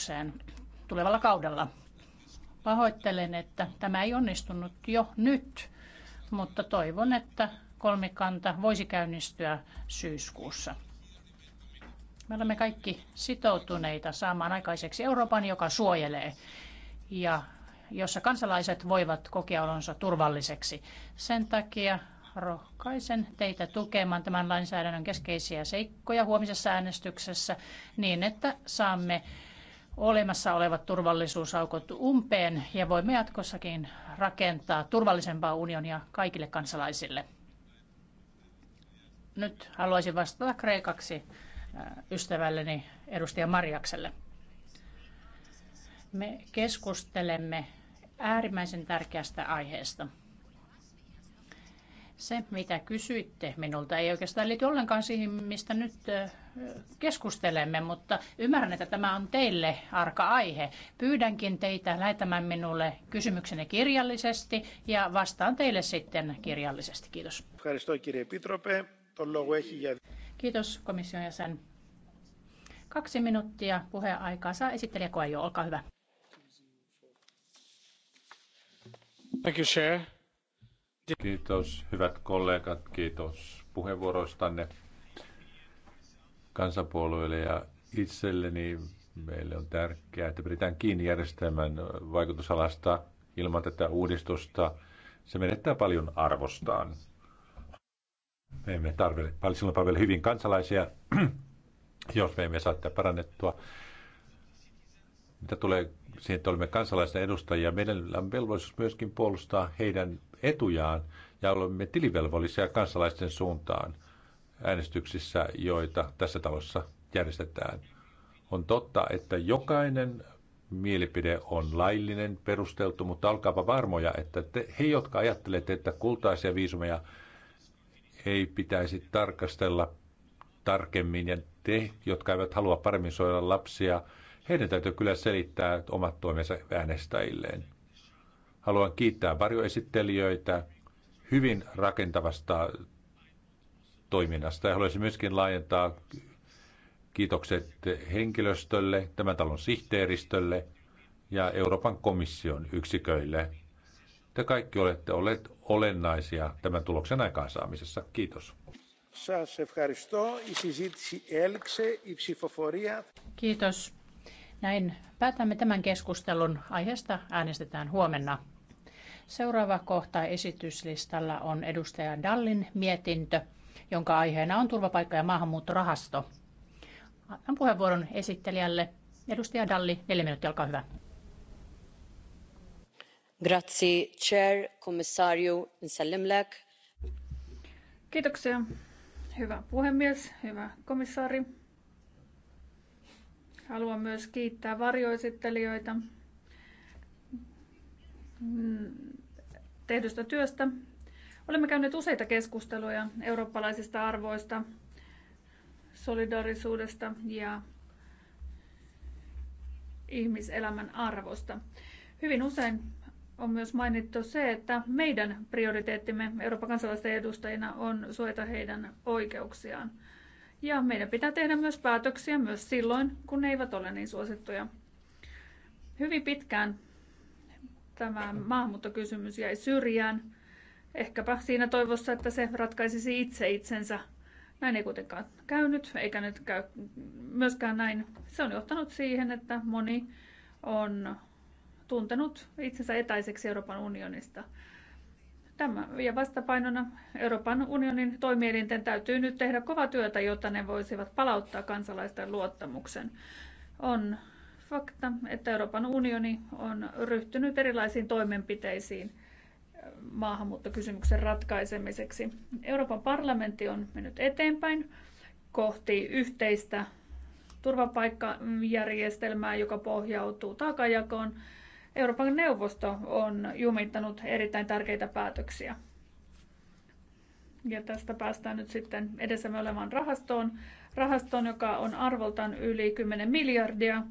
sopimukseen tulevalla kaudella. Pahoittelen, että tämä ei onnistunut jo nyt, mutta toivon, että kolmikanta voisi käynnistyä syyskuussa. Me olemme kaikki sitoutuneita saamaan aikaiseksi Euroopan, joka suojelee ja jossa kansalaiset voivat kokea olonsa turvalliseksi. Sen takia rohkaisen teitä tukemaan tämän lainsäädännön keskeisiä seikkoja huomisessa äänestyksessä niin, että saamme olemassa olevat turvallisuusaukot umpeen ja voimme jatkossakin rakentaa turvallisempaa unionia kaikille kansalaisille. Nyt haluaisin vastata kreikaksi äh, ystävälleni edustaja Marjakselle. Me keskustelemme äärimmäisen tärkeästä aiheesta – se, mitä kysyitte minulta, ei oikeastaan liity ollenkaan siihen, mistä nyt keskustelemme, mutta ymmärrän, että tämä on teille arka aihe. Pyydänkin teitä lähettämään minulle kysymyksenne kirjallisesti ja vastaan teille sitten kirjallisesti. Kiitos. Kiitos komission jäsen. Kaksi minuuttia puheaikaa saa esittelijä jo. olkaa hyvä. Thank you, Chair. Kiitos hyvät kollegat, kiitos puheenvuoroistanne kansanpuolueille ja itselleni. Meille on tärkeää, että pidetään kiinni järjestelmän vaikutusalasta ilman tätä uudistusta. Se menettää paljon arvostaan. Me emme tarvitse, silloin palvele hyvin kansalaisia, jos me emme saa tätä parannettua. Mitä tulee siihen, että olemme kansalaisten edustajia, meillä on velvollisuus myöskin puolustaa heidän etujaan ja olemme tilivelvollisia kansalaisten suuntaan äänestyksissä, joita tässä talossa järjestetään. On totta, että jokainen mielipide on laillinen, perusteltu, mutta olkaapa varmoja, että te, he, jotka ajattelette, että kultaisia viisumeja ei pitäisi tarkastella tarkemmin ja te, jotka eivät halua paremmin suojella lapsia, heidän täytyy kyllä selittää omat toimensa äänestäjilleen. Haluan kiittää varjoesittelijöitä hyvin rakentavasta toiminnasta ja haluaisin myöskin laajentaa kiitokset henkilöstölle, tämän talon sihteeristölle ja Euroopan komission yksiköille. Te kaikki olette olleet olennaisia tämän tuloksen aikaansaamisessa. Kiitos. Kiitos. Näin päätämme tämän keskustelun. Aiheesta äänestetään huomenna. Seuraava kohta esityslistalla on edustaja Dallin mietintö, jonka aiheena on turvapaikka- ja maahanmuuttorahasto. Annan puheenvuoron esittelijälle. Edustaja Dalli, neljä minuuttia, olkaa hyvä. Grazie, chair, komissaario, Kiitoksia, hyvä puhemies, hyvä komissaari. Haluan myös kiittää varjoesittelijöitä tehdystä työstä. Olemme käyneet useita keskusteluja eurooppalaisista arvoista, solidaarisuudesta ja ihmiselämän arvosta. Hyvin usein on myös mainittu se, että meidän prioriteettimme Euroopan kansalaisten edustajina on suojata heidän oikeuksiaan. Ja meidän pitää tehdä myös päätöksiä myös silloin, kun ne eivät ole niin suosittuja. Hyvin pitkään tämä maahanmuuttokysymys jäi syrjään. Ehkäpä siinä toivossa, että se ratkaisisi itse itsensä. Näin ei kuitenkaan käynyt, eikä nyt käy myöskään näin. Se on johtanut siihen, että moni on tuntenut itsensä etäiseksi Euroopan unionista. Tämä, ja vastapainona Euroopan unionin toimielinten täytyy nyt tehdä kova työtä, jotta ne voisivat palauttaa kansalaisten luottamuksen. On fakta, että Euroopan unioni on ryhtynyt erilaisiin toimenpiteisiin eh, maahanmuuttokysymyksen ratkaisemiseksi. Euroopan parlamentti on mennyt eteenpäin kohti yhteistä turvapaikkajärjestelmää, joka pohjautuu taakajakoon Euroopan neuvosto on jumittanut erittäin tärkeitä päätöksiä. Ja tästä päästään nyt sitten edessämme olevaan rahastoon, rahastoon, joka on arvoltaan yli 10 miljardia,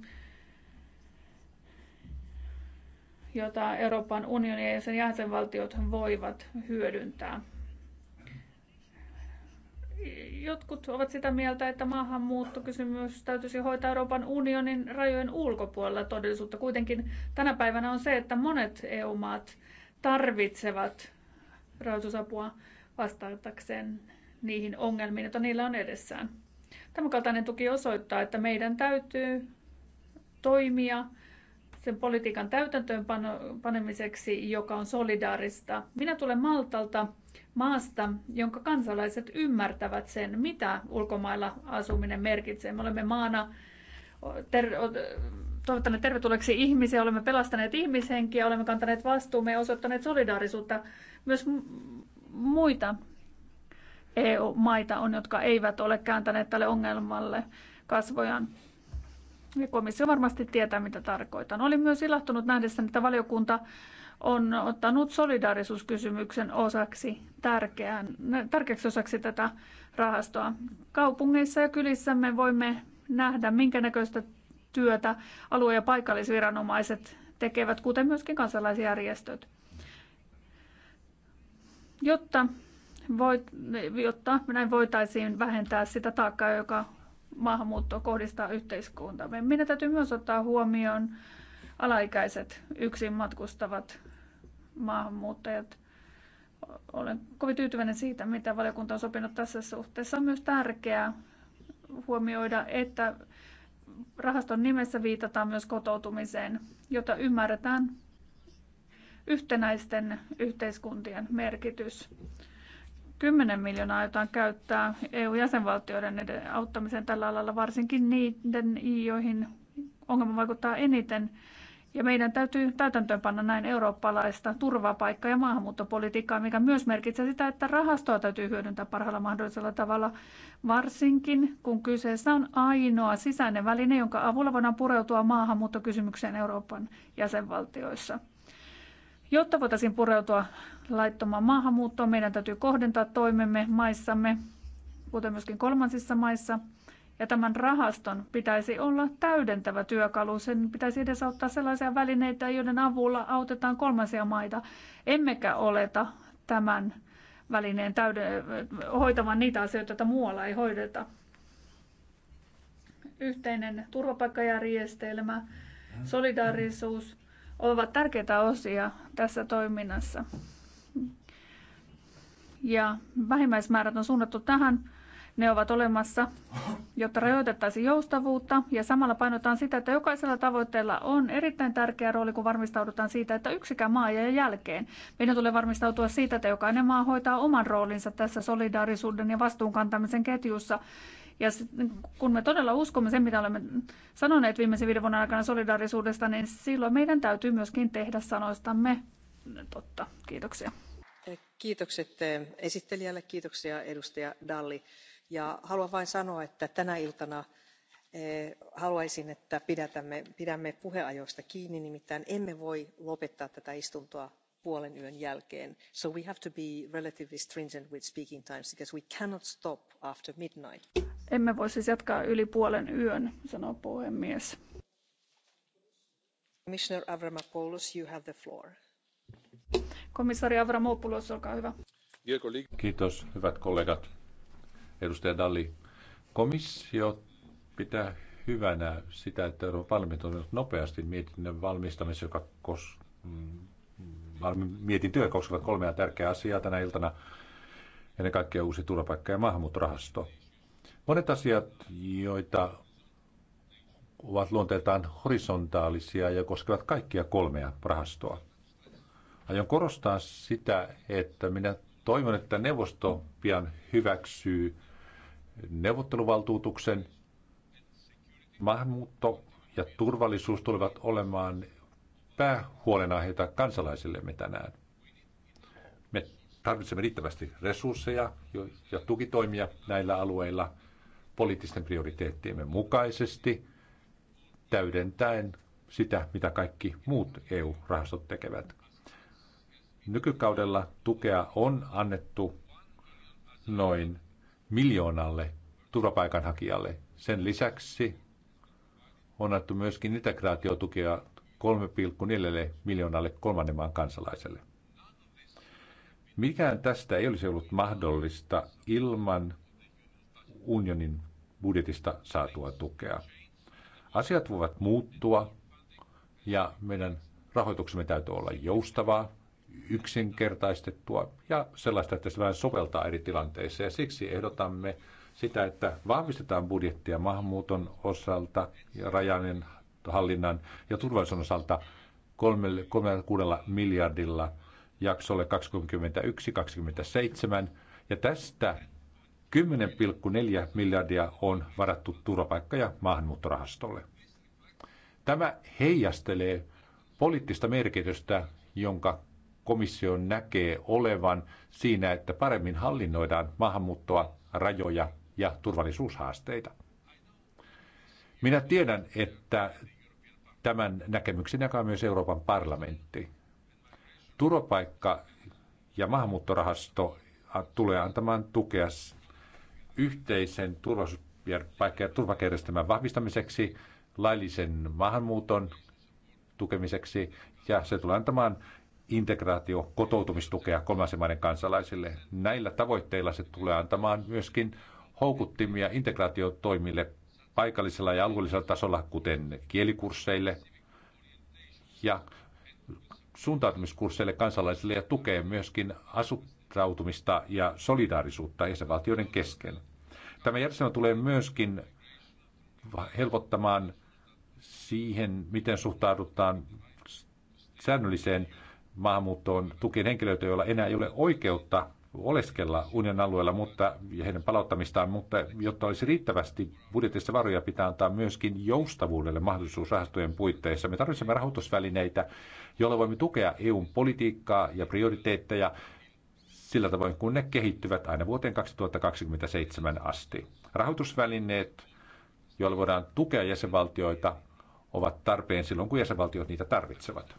jota Euroopan unioni ja sen jäsenvaltiot voivat hyödyntää jotkut ovat sitä mieltä, että maahanmuuttokysymys täytyisi hoitaa Euroopan unionin rajojen ulkopuolella. Todellisuutta kuitenkin tänä päivänä on se, että monet EU-maat tarvitsevat rahoitusapua vastatakseen niihin ongelmiin, joita niillä on edessään. Tämänkaltainen tuki osoittaa, että meidän täytyy toimia sen politiikan täytäntöönpanemiseksi, joka on solidaarista. Minä tulen Maltalta, maasta, jonka kansalaiset ymmärtävät sen, mitä ulkomailla asuminen merkitsee. Me olemme maana ter- toivottaneet tervetulleeksi ihmisiä, olemme pelastaneet ihmishenkiä, olemme kantaneet vastuumme ja osoittaneet solidaarisuutta myös muita EU-maita on, jotka eivät ole kääntäneet tälle ongelmalle kasvojaan. komissio varmasti tietää, mitä tarkoitan. Olin myös ilahtunut nähdessä, että valiokunta on ottanut solidaarisuuskysymyksen osaksi tärkeän, tärkeäksi osaksi tätä rahastoa. Kaupungeissa ja kylissä me voimme nähdä, minkä näköistä työtä alue- ja paikallisviranomaiset tekevät, kuten myöskin kansalaisjärjestöt. Jotta, voit, jotta näin voitaisiin vähentää sitä taakkaa, joka maahanmuutto kohdistaa yhteiskuntaamme. Meidän täytyy myös ottaa huomioon alaikäiset yksin matkustavat maahanmuuttajat. Olen kovin tyytyväinen siitä, mitä valiokunta on sopinut tässä suhteessa. On myös tärkeää huomioida, että rahaston nimessä viitataan myös kotoutumiseen, jota ymmärretään yhtenäisten yhteiskuntien merkitys. 10 miljoonaa jotain käyttää EU-jäsenvaltioiden auttamiseen tällä alalla, varsinkin niiden, joihin ongelma vaikuttaa eniten. Ja meidän täytyy täytäntöönpanna näin eurooppalaista turvapaikka- ja maahanmuuttopolitiikkaa, mikä myös merkitsee sitä, että rahastoa täytyy hyödyntää parhaalla mahdollisella tavalla, varsinkin kun kyseessä on ainoa sisäinen väline, jonka avulla voidaan pureutua maahanmuuttokysymykseen Euroopan jäsenvaltioissa. Jotta voitaisiin pureutua laittomaan maahanmuuttoon, meidän täytyy kohdentaa toimemme maissamme, kuten myöskin kolmansissa maissa – ja tämän rahaston pitäisi olla täydentävä työkalu. Sen pitäisi edesauttaa sellaisia välineitä, joiden avulla autetaan kolmansia maita. Emmekä oleta tämän välineen täyden, hoitavan niitä asioita, joita muualla ei hoideta. Yhteinen turvapaikkajärjestelmä, solidaarisuus ovat tärkeitä osia tässä toiminnassa. Ja vähimmäismäärät on suunnattu tähän ne ovat olemassa, jotta rajoitettaisiin joustavuutta ja samalla painotetaan sitä, että jokaisella tavoitteella on erittäin tärkeä rooli, kun varmistaudutaan siitä, että yksikään maa ei jää jälkeen. Meidän tulee varmistautua siitä, että jokainen maa hoitaa oman roolinsa tässä solidaarisuuden ja vastuunkantamisen ketjussa ja kun me todella uskomme sen, mitä olemme sanoneet viimeisen viiden vuoden aikana solidaarisuudesta, niin silloin meidän täytyy myöskin tehdä sanoistamme totta. Kiitoksia. Kiitokset eh, esittelijälle, kiitoksia edustaja Dalli ja haluan vain sanoa että tänä iltana eh, haluaisin että pidämme puheajoista kiinni nimittäin emme voi lopettaa tätä istuntoa puolenyön jälkeen so we have to be relatively stringent with speaking times because we cannot stop after midnight. Emme voi siis jatkaa yli puolen yön, sanoo puhemies. Commissioner Avramopoulos, you have the floor. Komissaari Avramopoulos, olkaa hyvä. Kiitos, hyvät kollegat edustaja Dalli. Komissio pitää hyvänä sitä, että Euroopan parlamentti on nopeasti mietinnön valmistamisessa, joka kos... Mm, mietintöä koskevat kolmea tärkeää asiaa tänä iltana. Ennen kaikkea uusi turvapaikka- ja maahanmuuttorahasto. Monet asiat, joita ovat luonteeltaan horisontaalisia ja koskevat kaikkia kolmea rahastoa. Aion korostaa sitä, että minä toivon, että neuvosto pian hyväksyy neuvotteluvaltuutuksen. Maahanmuutto ja turvallisuus tulevat olemaan päähuolenaiheita kansalaisillemme tänään. Me tarvitsemme riittävästi resursseja ja tukitoimia näillä alueilla poliittisten prioriteettiemme mukaisesti, täydentäen sitä, mitä kaikki muut EU-rahastot tekevät. Nykykaudella tukea on annettu noin miljoonalle turvapaikanhakijalle. Sen lisäksi on annettu myöskin integraatiotukea 3,4 miljoonalle kolmannen maan kansalaiselle. Mikään tästä ei olisi ollut mahdollista ilman unionin budjetista saatua tukea. Asiat voivat muuttua ja meidän rahoituksemme täytyy olla joustavaa yksinkertaistettua ja sellaista, että se vähän soveltaa eri tilanteissa. Ja siksi ehdotamme sitä, että vahvistetaan budjettia maahanmuuton osalta ja rajainen hallinnan ja turvallisuuden osalta 36 miljardilla jaksolle 2021-2027. Ja tästä 10,4 miljardia on varattu turvapaikka- ja maahanmuuttorahastolle. Tämä heijastelee poliittista merkitystä, jonka komissio näkee olevan siinä, että paremmin hallinnoidaan maahanmuuttoa, rajoja ja turvallisuushaasteita. Minä tiedän, että tämän näkemyksen jakaa myös Euroopan parlamentti. Turvapaikka- ja maahanmuuttorahasto tulee antamaan tukea yhteisen turvallisuuspaikka- ja turvakerjestelmän vahvistamiseksi, laillisen maahanmuuton tukemiseksi ja se tulee antamaan integraatio, kotoutumistukea kolmansien maiden kansalaisille. Näillä tavoitteilla se tulee antamaan myöskin houkuttimia integraatiotoimille paikallisella ja alueellisella tasolla, kuten kielikursseille ja suuntautumiskursseille kansalaisille ja tukee myöskin asuttautumista ja solidaarisuutta jäsenvaltioiden kesken. Tämä järjestelmä tulee myöskin helpottamaan siihen, miten suhtaudutaan säännölliseen maahanmuuttoon tukien henkilöitä, joilla enää ei ole oikeutta oleskella unionin alueella mutta, ja heidän palauttamistaan, mutta jotta olisi riittävästi budjetissa varoja, pitää antaa myöskin joustavuudelle mahdollisuus rahastojen puitteissa. Me tarvitsemme rahoitusvälineitä, joilla voimme tukea EUn politiikkaa ja prioriteetteja sillä tavoin, kun ne kehittyvät aina vuoteen 2027 asti. Rahoitusvälineet, joilla voidaan tukea jäsenvaltioita, ovat tarpeen silloin, kun jäsenvaltiot niitä tarvitsevat.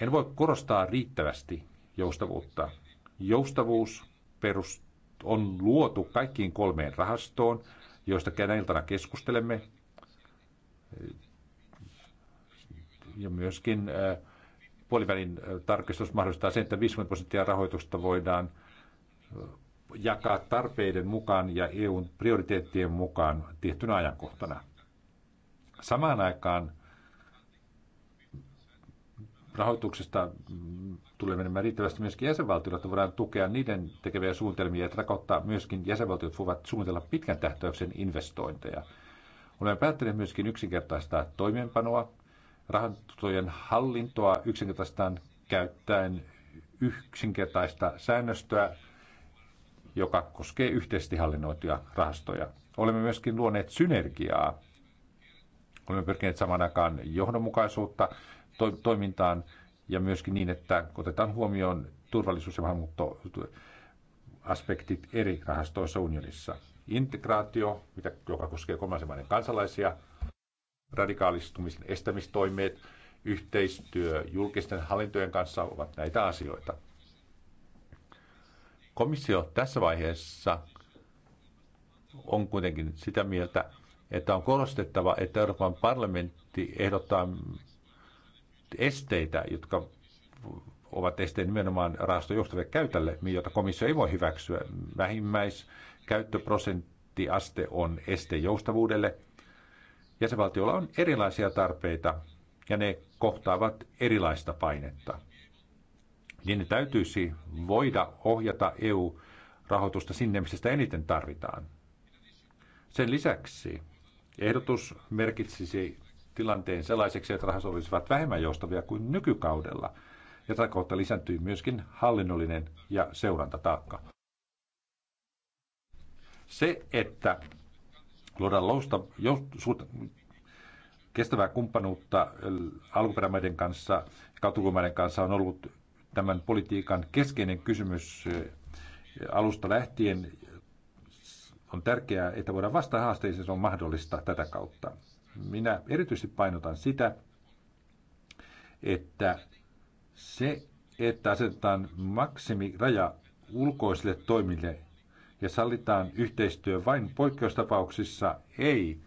En voi korostaa riittävästi joustavuutta. Joustavuus perust on luotu kaikkiin kolmeen rahastoon, joista tänä keskustelemme. Ja myöskin äh, puolivälin äh, tarkistus mahdollistaa sen, että 50 prosenttia rahoitusta voidaan äh, jakaa tarpeiden mukaan ja EUn prioriteettien mukaan tiettynä ajankohtana. Samaan aikaan rahoituksesta mm, tulee menemään riittävästi myöskin jäsenvaltioille, että voidaan tukea niiden tekeviä suunnitelmia, että rakottaa myöskin jäsenvaltiot voivat suunnitella pitkän tähtäyksen investointeja. Olemme päättäneet myöskin yksinkertaistaa toimeenpanoa, rahantojen hallintoa yksinkertaistaan käyttäen yksinkertaista säännöstöä, joka koskee yhteisesti hallinnoituja rahastoja. Olemme myöskin luoneet synergiaa. Olemme pyrkineet saman aikaan johdonmukaisuutta to, toimintaan ja myöskin niin, että otetaan huomioon turvallisuus- ja maahanmuuttoaspektit eri rahastoissa unionissa. Integraatio, mitä, joka koskee kolmansien maiden kansalaisia, radikaalistumisen estämistoimet, yhteistyö julkisten hallintojen kanssa ovat näitä asioita. Komissio tässä vaiheessa on kuitenkin sitä mieltä, että on korostettava, että Euroopan parlamentti ehdottaa esteitä, jotka ovat esteen nimenomaan rahastojohtaville käytölle, jota komissio ei voi hyväksyä. Vähimmäiskäyttöprosenttiaste on este joustavuudelle. Jäsenvaltiolla on erilaisia tarpeita ja ne kohtaavat erilaista painetta. Niin täytyisi voida ohjata EU-rahoitusta sinne, missä sitä eniten tarvitaan. Sen lisäksi ehdotus merkitsisi tilanteen sellaiseksi, että rahastot olisivat vähemmän joustavia kuin nykykaudella. Ja tätä kautta lisääntyi myöskin hallinnollinen ja seurantataakka. Se, että luodaan lousta, kestävää kumppanuutta äh, alkuperämaiden kanssa ja kautukumaiden kanssa on ollut tämän politiikan keskeinen kysymys äh, alusta lähtien. On tärkeää, että voidaan vastata haasteisiin, se on mahdollista tätä kautta. Minä erityisesti painotan sitä, että se, että asetetaan maksimiraja ulkoisille toimille ja sallitaan yhteistyö vain poikkeustapauksissa, ei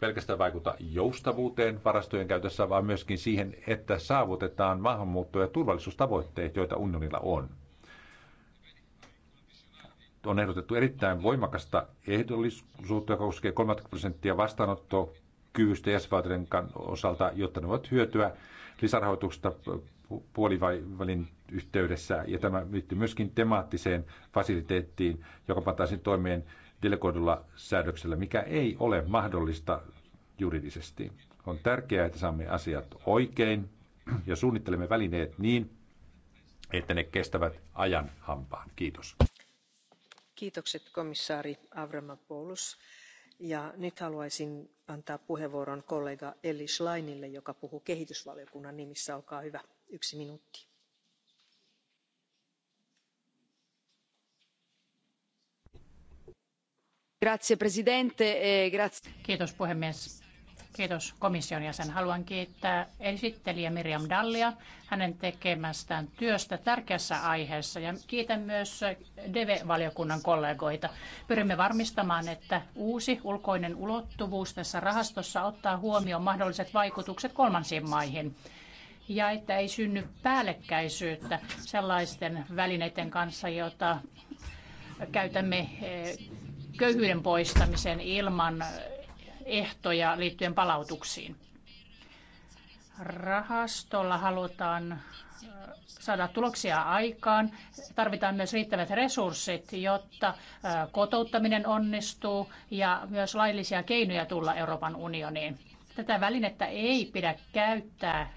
pelkästään vaikuta joustavuuteen varastojen käytössä, vaan myöskin siihen, että saavutetaan maahanmuutto- ja turvallisuustavoitteet, joita unionilla on on ehdotettu erittäin voimakasta ehdollisuutta, joka koskee 30 prosenttia vastaanottokyvystä jäsenvaltioiden osalta, jotta ne voivat hyötyä lisärahoituksesta puolivälin yhteydessä. Ja tämä liittyy myöskin temaattiseen fasiliteettiin, joka pantaisiin toimeen delegoidulla säädöksellä, mikä ei ole mahdollista juridisesti. On tärkeää, että saamme asiat oikein ja suunnittelemme välineet niin, että ne kestävät ajan hampaan. Kiitos kiitokset komissaari avramopoulos ja nyt haluaisin antaa puheenvuoron kollega elly schlinille joka puhuu kehitysvaliokunnan nimissä olkaa hyvä yksi minuutti. arvoisa e puhemies Kiitos komission jäsen. Haluan kiittää esittelijä Miriam Dallia hänen tekemästään työstä tärkeässä aiheessa ja kiitän myös DEVE-valiokunnan kollegoita. Pyrimme varmistamaan, että uusi ulkoinen ulottuvuus tässä rahastossa ottaa huomioon mahdolliset vaikutukset kolmansiin maihin ja että ei synny päällekkäisyyttä sellaisten välineiden kanssa, joita käytämme eh, köyhyyden poistamiseen ilman ehtoja liittyen palautuksiin. Rahastolla halutaan äh, saada tuloksia aikaan. Tarvitaan myös riittävät resurssit, jotta äh, kotouttaminen onnistuu ja myös laillisia keinoja tulla Euroopan unioniin. Tätä välinettä ei pidä käyttää äh,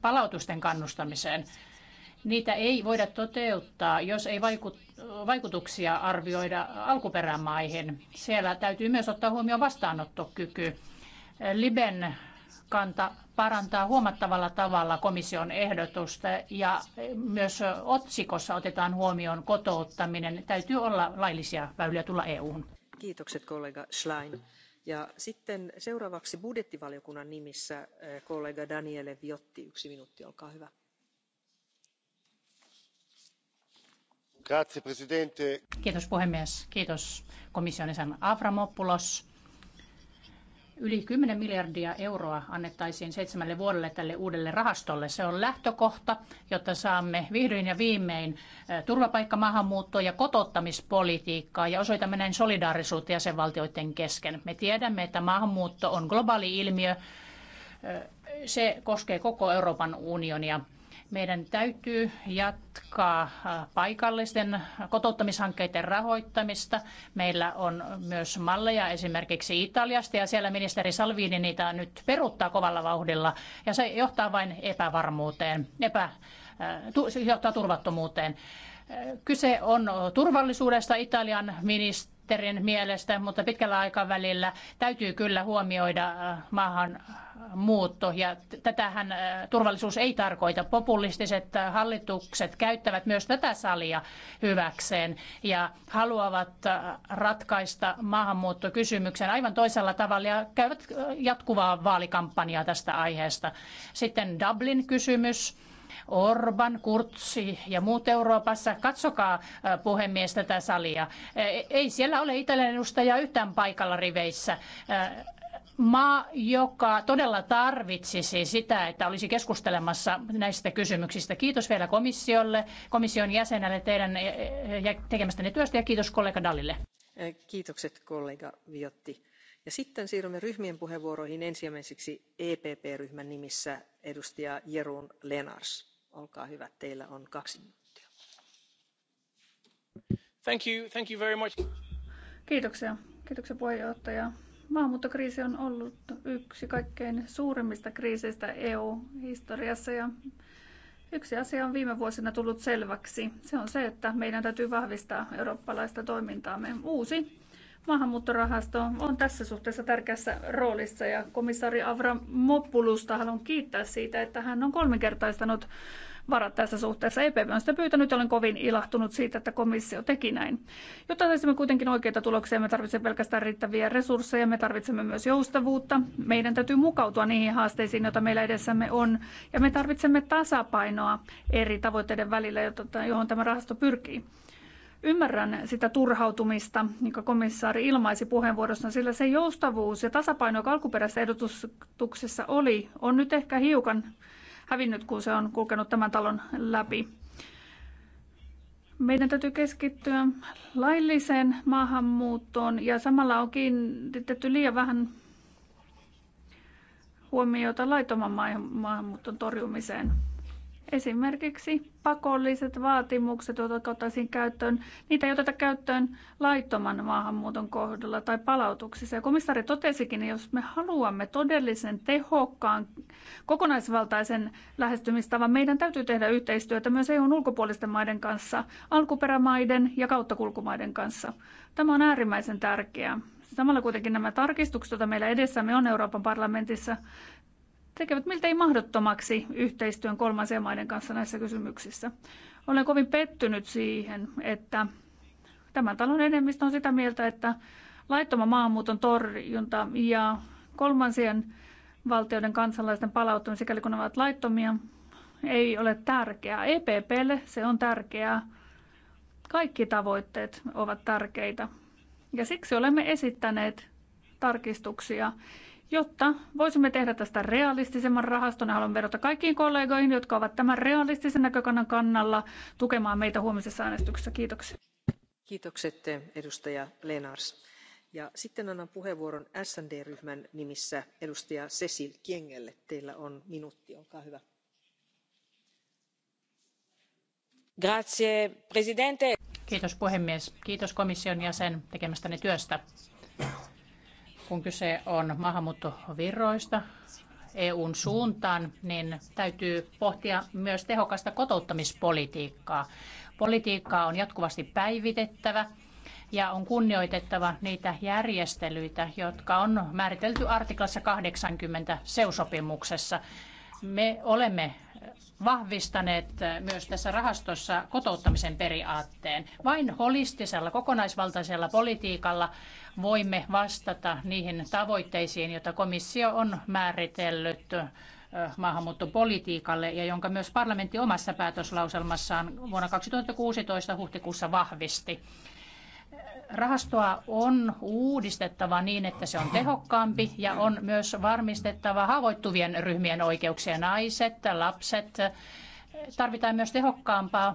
palautusten kannustamiseen. Niitä ei voida toteuttaa, jos ei vaikutuksia arvioida alkuperämaihin. Siellä täytyy myös ottaa huomioon vastaanottokyky. Liben kanta parantaa huomattavalla tavalla komission ehdotusta ja myös otsikossa otetaan huomioon kotouttaminen. Täytyy olla laillisia väyliä tulla EU:hun. Kiitokset kollega Schlein. Ja sitten seuraavaksi budjettivaliokunnan nimissä eh, kollega Daniele Viotti, yksi minuutti, olkaa hyvä Grazie, Kiitos puhemies. Kiitos komission jäsen Avramopoulos. Yli 10 miljardia euroa annettaisiin seitsemälle vuodelle tälle uudelle rahastolle. Se on lähtökohta, jotta saamme vihdoin ja viimein eh, turvapaikkamaahanmuuttoa ja kotouttamispolitiikkaa ja osoitamme näin solidaarisuutta jäsenvaltioiden kesken. Me tiedämme, että maahanmuutto on globaali ilmiö. Eh, se koskee koko Euroopan unionia. Meidän täytyy jatkaa äh, paikallisten kotouttamishankkeiden rahoittamista. Meillä on myös malleja esimerkiksi Italiasta ja siellä ministeri Salvini niitä nyt peruuttaa kovalla vauhdilla ja se johtaa vain epävarmuuteen, epä, äh, se johtaa turvattomuuteen. Äh, kyse on turvallisuudesta. Italian ministeri ministerin mielestä, mutta pitkällä aikavälillä täytyy kyllä huomioida äh, maahanmuutto. Ja tätähän äh, turvallisuus ei tarkoita. Populistiset äh, hallitukset käyttävät myös tätä salia hyväkseen ja haluavat ratkaista maahanmuuttokysymyksen aivan toisella tavalla ja käyvät jatkuvaa vaalikampanjaa tästä aiheesta. Sitten Dublin-kysymys Orban, Kurtsi ja muut Euroopassa. Katsokaa puhemies tätä salia. Ei siellä ole Italian edustajaa yhtään paikalla riveissä maa, joka todella tarvitsisi sitä, että olisi keskustelemassa näistä kysymyksistä. Kiitos vielä komissiolle, komission jäsenelle teidän tekemästänne työstä ja kiitos kollega Dallille. Kiitokset kollega Viotti. Ja sitten siirrymme ryhmien puheenvuoroihin ensimmäiseksi EPP-ryhmän nimissä edustaja Jeroen Lenars olkaa hyvä on kaksi minuuttia. Thank you, thank you very much. puheenjohtaja. Maahanmuuttokriisi on ollut yksi kaikkein suurimmista kriiseistä EU-historiassa ja yksi asia on viime vuosina tullut selväksi. Se on se, että meidän täytyy vahvistaa eurooppalaista toimintaamme. Uusi Maahanmuuttorahasto on tässä suhteessa tärkeässä roolissa ja komissaari Avramopoulusta haluan kiittää siitä, että hän on kolminkertaistanut varat tässä suhteessa. EPP on sitä pyytänyt ja olen kovin ilahtunut siitä, että komissio teki näin. Jotta saisimme kuitenkin oikeita tuloksia, me tarvitsemme pelkästään riittäviä resursseja, me tarvitsemme myös joustavuutta. Meidän täytyy mukautua niihin haasteisiin, joita meillä edessämme on. Ja me tarvitsemme tasapainoa eri tavoitteiden välillä, johon tämä rahasto pyrkii. Ymmärrän sitä turhautumista, jonka komissaari ilmaisi puheenvuorossaan, sillä se joustavuus ja tasapaino, joka alkuperäisessä edustuksessa oli, on nyt ehkä hiukan hävinnyt, kun se on kulkenut tämän talon läpi. Meidän täytyy keskittyä lailliseen maahanmuuttoon ja samalla on kiinnitetty liian vähän huomiota laitoman maahanmuuton torjumiseen. Esimerkiksi pakolliset vaatimukset, jotka ottaisiin käyttöön, niitä ei oteta käyttöön laittoman maahanmuuton kohdalla tai palautuksissa. Ja komissaari totesikin, että jos me haluamme todellisen tehokkaan kokonaisvaltaisen lähestymistavan, meidän täytyy tehdä yhteistyötä myös EUn ulkopuolisten maiden kanssa, alkuperämaiden ja kauttakulkumaiden kanssa. Tämä on äärimmäisen tärkeää. Samalla kuitenkin nämä tarkistukset, joita meillä edessämme on Euroopan parlamentissa, tekevät miltei mahdottomaksi yhteistyön kolmansien maiden kanssa näissä kysymyksissä. Olen kovin pettynyt siihen, että tämän talon enemmistö on sitä mieltä, että laittoman maahanmuuton torjunta ja kolmansien valtioiden kansalaisten palauttaminen, sikäli kun ne ovat laittomia, ei ole tärkeää. EPPlle se on tärkeää. Kaikki tavoitteet ovat tärkeitä. Ja siksi olemme esittäneet tarkistuksia Jotta voisimme tehdä tästä realistisemman rahaston, haluan vedota kaikkiin kollegoihin, jotka ovat tämän realistisen näkökannan kannalla tukemaan meitä huomisessa äänestyksessä. Kiitoksia. Kiitokset edustaja Lenars. Ja sitten annan puheenvuoron sd ryhmän nimissä edustaja Cecil Kiengelle. Teillä on minuutti, olkaa hyvä. Grazie, presidente. Kiitos puhemies. Kiitos komission jäsen tekemästäni työstä kun kyse on maahanmuuttoviroista EUn suuntaan, niin täytyy pohtia myös tehokasta kotouttamispolitiikkaa. Politiikkaa on jatkuvasti päivitettävä ja on kunnioitettava niitä järjestelyitä, jotka on määritelty artiklassa 80 seusopimuksessa. Me olemme vahvistaneet myös tässä rahastossa kotouttamisen periaatteen. Vain holistisella, kokonaisvaltaisella politiikalla voimme vastata niihin tavoitteisiin, joita komissio on määritellyt maahanmuuttopolitiikalle ja jonka myös parlamentti omassa päätöslauselmassaan vuonna 2016 huhtikuussa vahvisti rahastoa on uudistettava niin, että se on tehokkaampi ja on myös varmistettava haavoittuvien ryhmien oikeuksia, naiset, lapset. Tarvitaan myös tehokkaampaa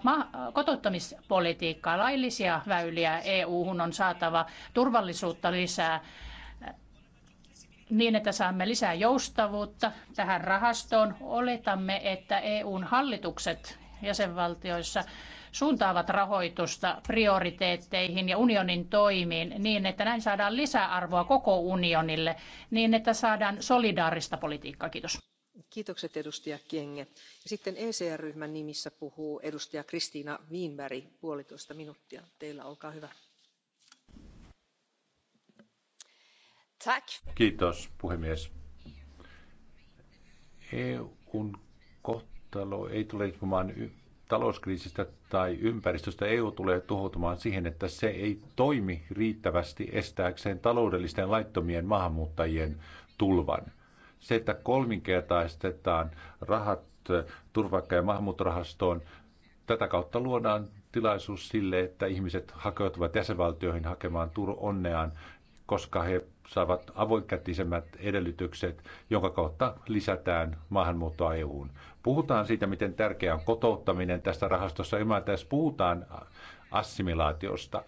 kotouttamispolitiikkaa, laillisia väyliä EU-hun on saatava turvallisuutta lisää niin, että saamme lisää joustavuutta tähän rahastoon. Oletamme, että EUn hallitukset jäsenvaltioissa suuntaavat rahoitusta prioriteetteihin ja unionin toimiin niin, että näin saadaan lisäarvoa koko unionille, niin että saadaan solidaarista politiikkaa. Kiitos. Kiitokset edustaja Kienge. Sitten ECR-ryhmän nimissä puhuu edustaja Kristiina Wiinberg puolitoista minuuttia. Teillä olkaa hyvä. Kiitos puhemies. EUn kohtalo ei tule vain talouskriisistä tai ympäristöstä EU tulee tuhoutumaan siihen, että se ei toimi riittävästi estääkseen taloudellisten laittomien maahanmuuttajien tulvan. Se, että kolminkertaistetaan rahat turvapaikka- ja maahanmuuttorahastoon, tätä kautta luodaan tilaisuus sille, että ihmiset hakeutuvat jäsenvaltioihin hakemaan tur onneaan koska he saavat avoinkätisemmät edellytykset, jonka kautta lisätään maahanmuuttoa EUun. Puhutaan siitä, miten tärkeää on kotouttaminen tässä rahastossa. tässä puhutaan assimilaatiosta.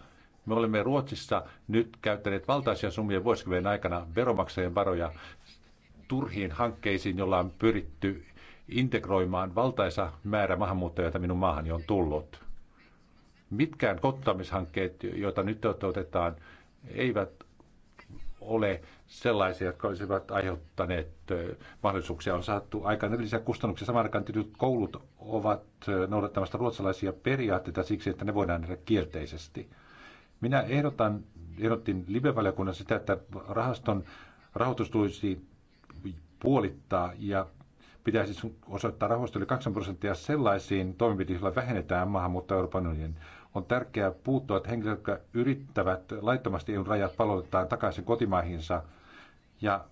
Me olemme Ruotsissa nyt käyttäneet valtaisia summia vuosikymmenen aikana veromaksajien varoja turhiin hankkeisiin, joilla on pyritty integroimaan valtaisa määrä maahanmuuttajia, joita minun maahani on tullut. Mitkään kottamishankkeet, joita nyt toteutetaan, eivät ole sellaisia, jotka olisivat aiheuttaneet mahdollisuuksia. On saatu aikaan erillisiä kustannuksia. Samaan aikaan koulut ovat noudattamasta ruotsalaisia periaatteita siksi, että ne voidaan nähdä kielteisesti. Minä ehdotan, ehdotin live-valiokunnan sitä, että rahaston rahoitus tulisi puolittaa ja pitäisi osoittaa rahoista yli 8 prosenttia sellaisiin toimenpiteisiin, joilla vähennetään maahanmuuttoa Euroopan unionin on tärkeää puuttua, että henkilöt, jotka yrittävät laittomasti EUn rajat palautetaan takaisin kotimaihinsa ja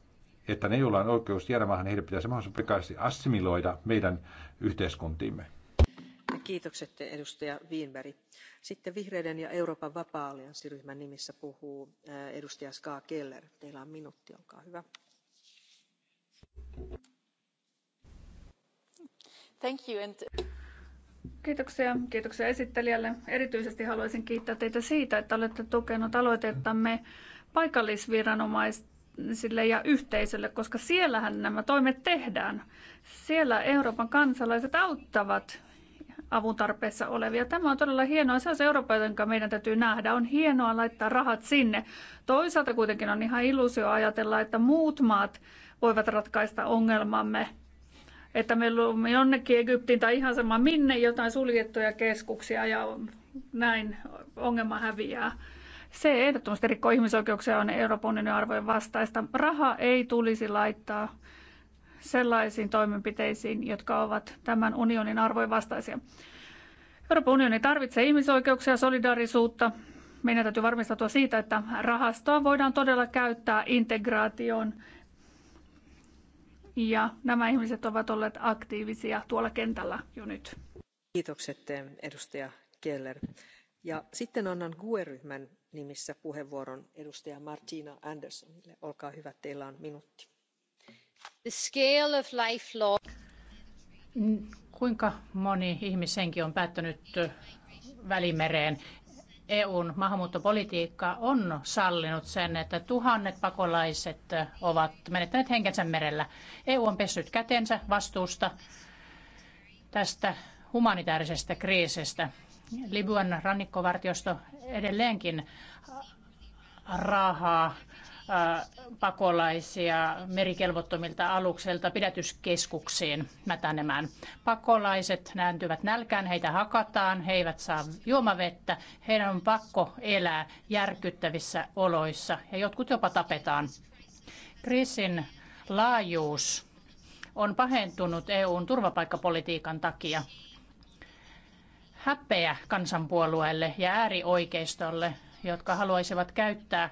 että ne, joilla on oikeus jäädä maahan, heidän pitäisi mahdollisimman pikaisesti assimiloida meidän yhteiskuntiimme. Kiitokset edustaja Wienberg. Sitten vihreiden ja Euroopan vapaa alianssiryhmän nimissä puhuu edustaja Ska Keller. Teillä on minuutti, olkaa hyvä. Thank you and... Kiitoksia. Kiitoksia esittelijälle. Erityisesti haluaisin kiittää teitä siitä, että olette tukenut aloitettamme paikallisviranomaisille ja yhteisölle, koska siellähän nämä toimet tehdään. Siellä Euroopan kansalaiset auttavat avun tarpeessa olevia. Tämä on todella hienoa. Se on se Eurooppa, jonka meidän täytyy nähdä. On hienoa laittaa rahat sinne. Toisaalta kuitenkin on ihan illuusio ajatella, että muut maat voivat ratkaista ongelmamme että me luomme jonnekin Egyptiin tai ihan sama minne jotain suljettuja keskuksia ja näin ongelma häviää. Se ehdottomasti rikko ihmisoikeuksia on Euroopan unionin arvojen vastaista. Raha ei tulisi laittaa sellaisiin toimenpiteisiin, jotka ovat tämän unionin arvojen vastaisia. Euroopan unioni tarvitsee ihmisoikeuksia ja solidaarisuutta. Meidän täytyy varmistautua siitä, että rahastoa voidaan todella käyttää integraation ja nämä ihmiset ovat olleet aktiivisia tuolla kentällä jo nyt. Kiitokset eh, edustaja Keller. Ja sitten annan GUE-ryhmän nimissä puheenvuoron edustaja Martina Andersonille. Olkaa hyvä, teillä on minuutti. The scale of life law. Kuinka moni ihmishenki on päättänyt eh, Välimereen EUn maahanmuuttopolitiikka on sallinut sen, että tuhannet pakolaiset ovat menettäneet henkensä merellä. EU on pessyt kätensä vastuusta tästä humanitaarisesta kriisistä. Libyan rannikkovartiosto edelleenkin raahaa pakolaisia merikelvottomilta alukselta pidätyskeskuksiin mätänemään. Pakolaiset nääntyvät nälkään, heitä hakataan, he eivät saa juomavettä, heidän on pakko elää järkyttävissä oloissa ja jotkut jopa tapetaan. Kriisin laajuus on pahentunut EUn turvapaikkapolitiikan takia. Häpeä kansanpuolueelle ja äärioikeistolle, jotka haluaisivat käyttää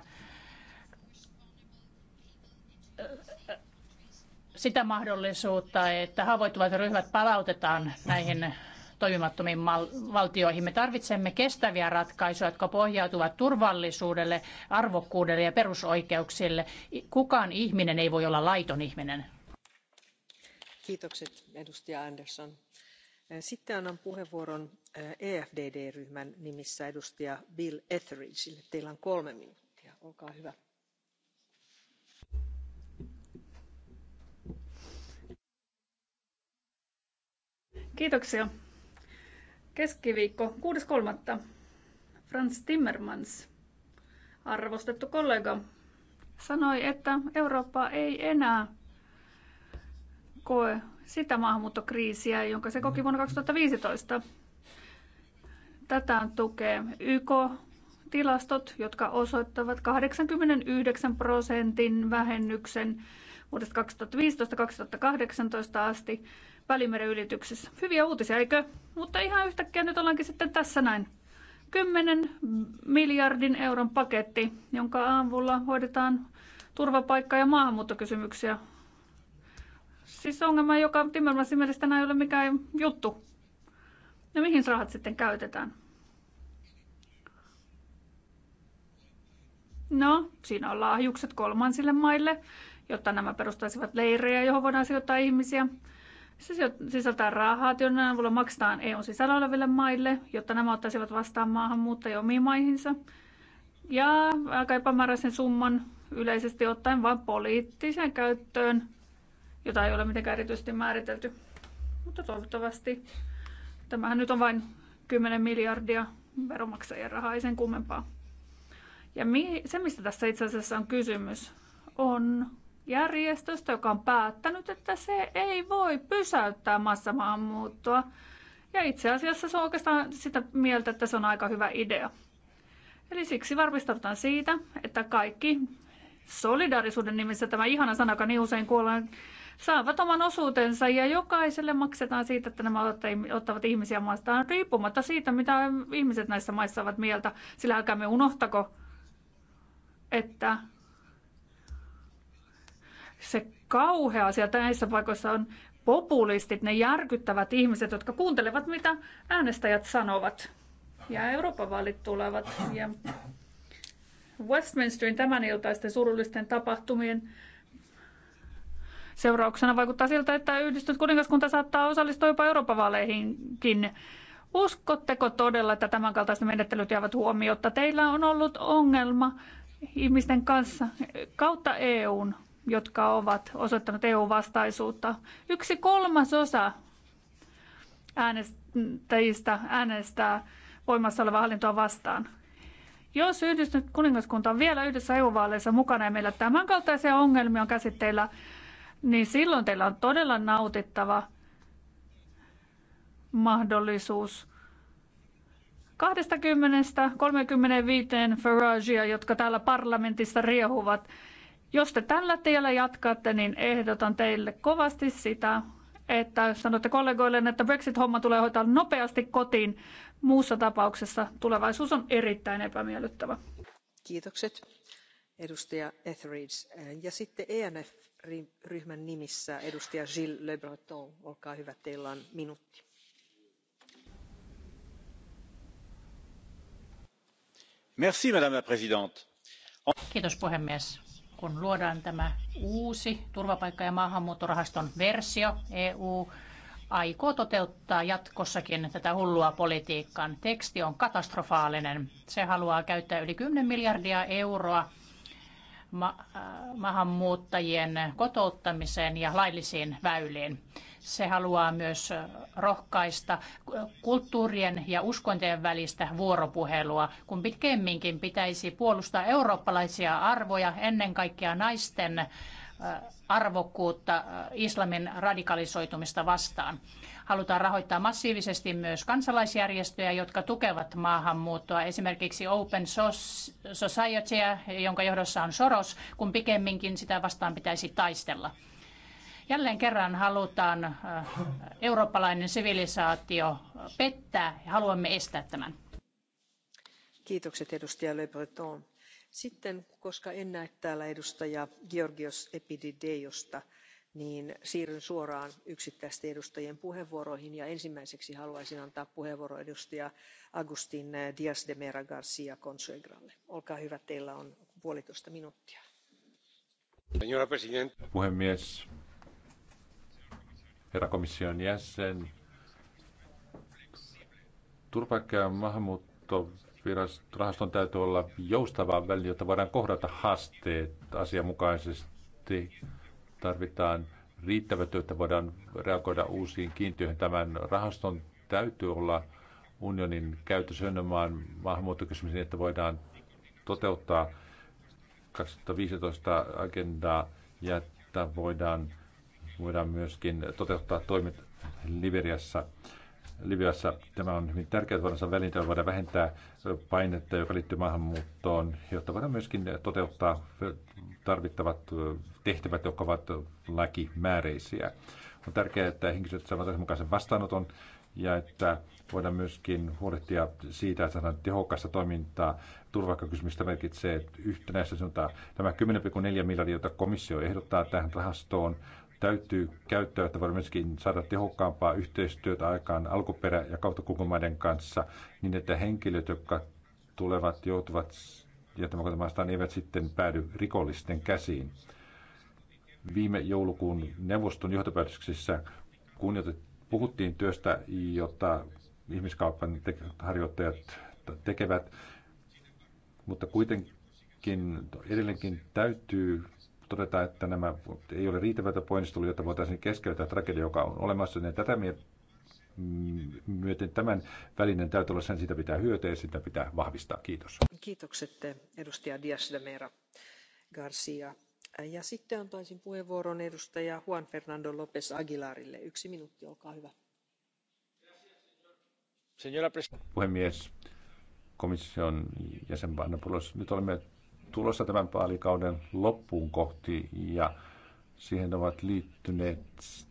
sitä mahdollisuutta, että haavoittuvat ryhmät palautetaan näihin toimimattomiin valtioihin. Me tarvitsemme kestäviä ratkaisuja, jotka pohjautuvat turvallisuudelle, arvokkuudelle ja perusoikeuksille. Kukaan ihminen ei voi olla laiton ihminen. Kiitokset edustaja Andersson. Äh, sitten annan puheenvuoron äh, EFDD-ryhmän nimissä edustaja Bill Etheridgeille. Teillä on kolme minuuttia. Olkaa hyvä. Kiitoksia. Keskiviikko 6.3. Franz Timmermans, arvostettu kollega, sanoi, että Eurooppa ei enää koe sitä maahanmuuttokriisiä, jonka se koki vuonna 2015. Tätä tukee YK, tilastot, jotka osoittavat 89 prosentin vähennyksen vuodesta 2015-2018 asti Välimeren ylityksessä. Hyviä uutisia, eikö? Mutta ihan yhtäkkiä nyt ollaankin sitten tässä näin. 10 miljardin euron paketti, jonka avulla hoidetaan turvapaikka- ja maahanmuuttokysymyksiä. Siis ongelma, joka Timmermansin mielestä ei ole mikään juttu. No mihin rahat sitten käytetään? No, siinä on lahjukset kolmansille maille, jotta nämä perustaisivat leirejä, johon voidaan sijoittaa ihmisiä. Se sisältää rahat, joiden avulla maksetaan EUn sisällä oleville maille, jotta nämä ottaisivat vastaan maahanmuuttajia omiin maihinsa. Ja aika epämääräisen summan yleisesti ottaen vain poliittiseen käyttöön, jota ei ole mitenkään erityisesti määritelty. Mutta toivottavasti tämähän nyt on vain 10 miljardia veromaksajien rahaa, ei sen kummempaa. Ja se, mistä tässä itse asiassa on kysymys, on järjestöstä, joka on päättänyt, että se ei voi pysäyttää massamaahanmuuttoa. Ja itse asiassa se on oikeastaan sitä mieltä, että se on aika hyvä idea. Eli siksi varmistaudutaan siitä, että kaikki solidaarisuuden nimissä tämä ihana sana, joka niin usein kuollaan, saavat oman osuutensa ja jokaiselle maksetaan siitä, että nämä ottavat ihmisiä maastaan riippumatta siitä, mitä ihmiset näissä maissa ovat mieltä. Sillä älkäämme unohtako, että se kauhea asia näissä paikoissa on populistit, ne järkyttävät ihmiset, jotka kuuntelevat, mitä äänestäjät sanovat. Ja Euroopan vaalit tulevat. Ja Westminsterin tämän iltaisten surullisten tapahtumien seurauksena vaikuttaa siltä, että yhdistynyt kuningaskunta saattaa osallistua jopa Euroopan vaaleihinkin. Uskotteko todella, että tämänkaltaiset menettelyt jäävät huomiota? Teillä on ollut ongelma ihmisten kanssa kautta EUn jotka ovat osoittaneet EU-vastaisuutta. Yksi kolmasosa äänestäjistä äänestää voimassa olevaa hallintoa vastaan. Jos yhdistynyt kuningaskunta on vielä yhdessä EU-vaaleissa mukana ja meillä tämänkaltaisia ongelmia on käsitteillä, niin silloin teillä on todella nautittava mahdollisuus 20-35 Faragea, jotka täällä parlamentissa riehuvat jos te tällä tiellä jatkatte, niin ehdotan teille kovasti sitä, että sanotte kollegoille, että Brexit-homma tulee hoitaa nopeasti kotiin. Muussa tapauksessa tulevaisuus on erittäin epämiellyttävä. Kiitokset edustaja Etheridge. Ja sitten ENF-ryhmän nimissä edustaja Gilles Le Breton. Olkaa hyvä, teillä on minuutti. Merci, madame la présidente. Kiitos puhemies kun luodaan tämä uusi turvapaikka- ja maahanmuuttorahaston versio, EU aikoo toteuttaa jatkossakin tätä hullua politiikkaa. Teksti on katastrofaalinen. Se haluaa käyttää yli 10 miljardia euroa ma- äh, maahanmuuttajien kotouttamiseen ja laillisiin väyliin. Se haluaa myös rohkaista kulttuurien ja uskontojen välistä vuoropuhelua, kun pikemminkin pitäisi puolustaa eurooppalaisia arvoja, ennen kaikkea naisten äh, arvokkuutta äh, islamin radikalisoitumista vastaan halutaan rahoittaa massiivisesti myös kansalaisjärjestöjä, jotka tukevat maahanmuuttoa, esimerkiksi Open Society, jonka johdossa on Soros, kun pikemminkin sitä vastaan pitäisi taistella. Jälleen kerran halutaan äh, eurooppalainen sivilisaatio pettää ja haluamme estää tämän. Kiitokset edustaja Le Breton. Sitten, koska en näe täällä edustaja Georgios Epidideijosta, niin siirryn suoraan yksittäisten edustajien puheenvuoroihin ja ensimmäiseksi haluaisin antaa puheenvuoron edustaja agustin diaz de mera garca consuegralle. olkaa hyvä teillä on puolitoista minuuttia. arvoisa puhemies herra komission jäsen turvapaikka ja maahanmuutto rahaston täytyy olla joustava väline, jotta voidaan kohdata haasteet asianmukaisesti tarvitaan riittävät, että voidaan reagoida uusiin kiintiöihin. Tämän rahaston täytyy olla unionin käytössä nimenomaan maahanmuuttokysymyksiin, että voidaan toteuttaa 2015 agendaa ja että voidaan, voidaan myöskin toteuttaa toimet Liberiassa. Libyassa. Tämä on hyvin tärkeää vuodensa välintä, voidaan vähentää painetta, joka liittyy maahanmuuttoon, jotta voidaan myöskin toteuttaa tarvittavat tehtävät, jotka ovat lakimääräisiä. On tärkeää, että henkilöt saavat asianmukaisen vastaanoton ja että voidaan myöskin huolehtia siitä, että saadaan tehokasta toimintaa. Turvapaikkakysymystä merkitsee yhtenäistä sanotaan tämä 10,4 miljardia, jota komissio ehdottaa tähän rahastoon – täytyy käyttää, että voidaan myöskin saada tehokkaampaa yhteistyötä aikaan alkuperä- ja kauttakulkumaiden kanssa, niin että henkilöt, jotka tulevat, joutuvat jättämään maastaan, eivät sitten päädy rikollisten käsiin. Viime joulukuun neuvoston johtopäätöksissä puhuttiin työstä, jota ihmiskaupan te- harjoittajat tekevät, mutta kuitenkin edelleenkin täytyy todeta, että nämä ei ole riittävältä ponnisteluja, jotta voitaisiin keskeyttää tragedia, joka on olemassa. Niin tätä myöten tämän välinen täytyy olla sen, sitä pitää hyötyä ja sitä pitää vahvistaa. Kiitos. Kiitokset edustaja Dias de Mera Garcia. Ja sitten antaisin puheenvuoron edustaja Juan Fernando López Aguilarille. Yksi minuutti, olkaa hyvä. Puhemies, komission jäsen Anna Nyt olemme tulossa tämän vaalikauden loppuun kohti ja siihen ovat liittyneet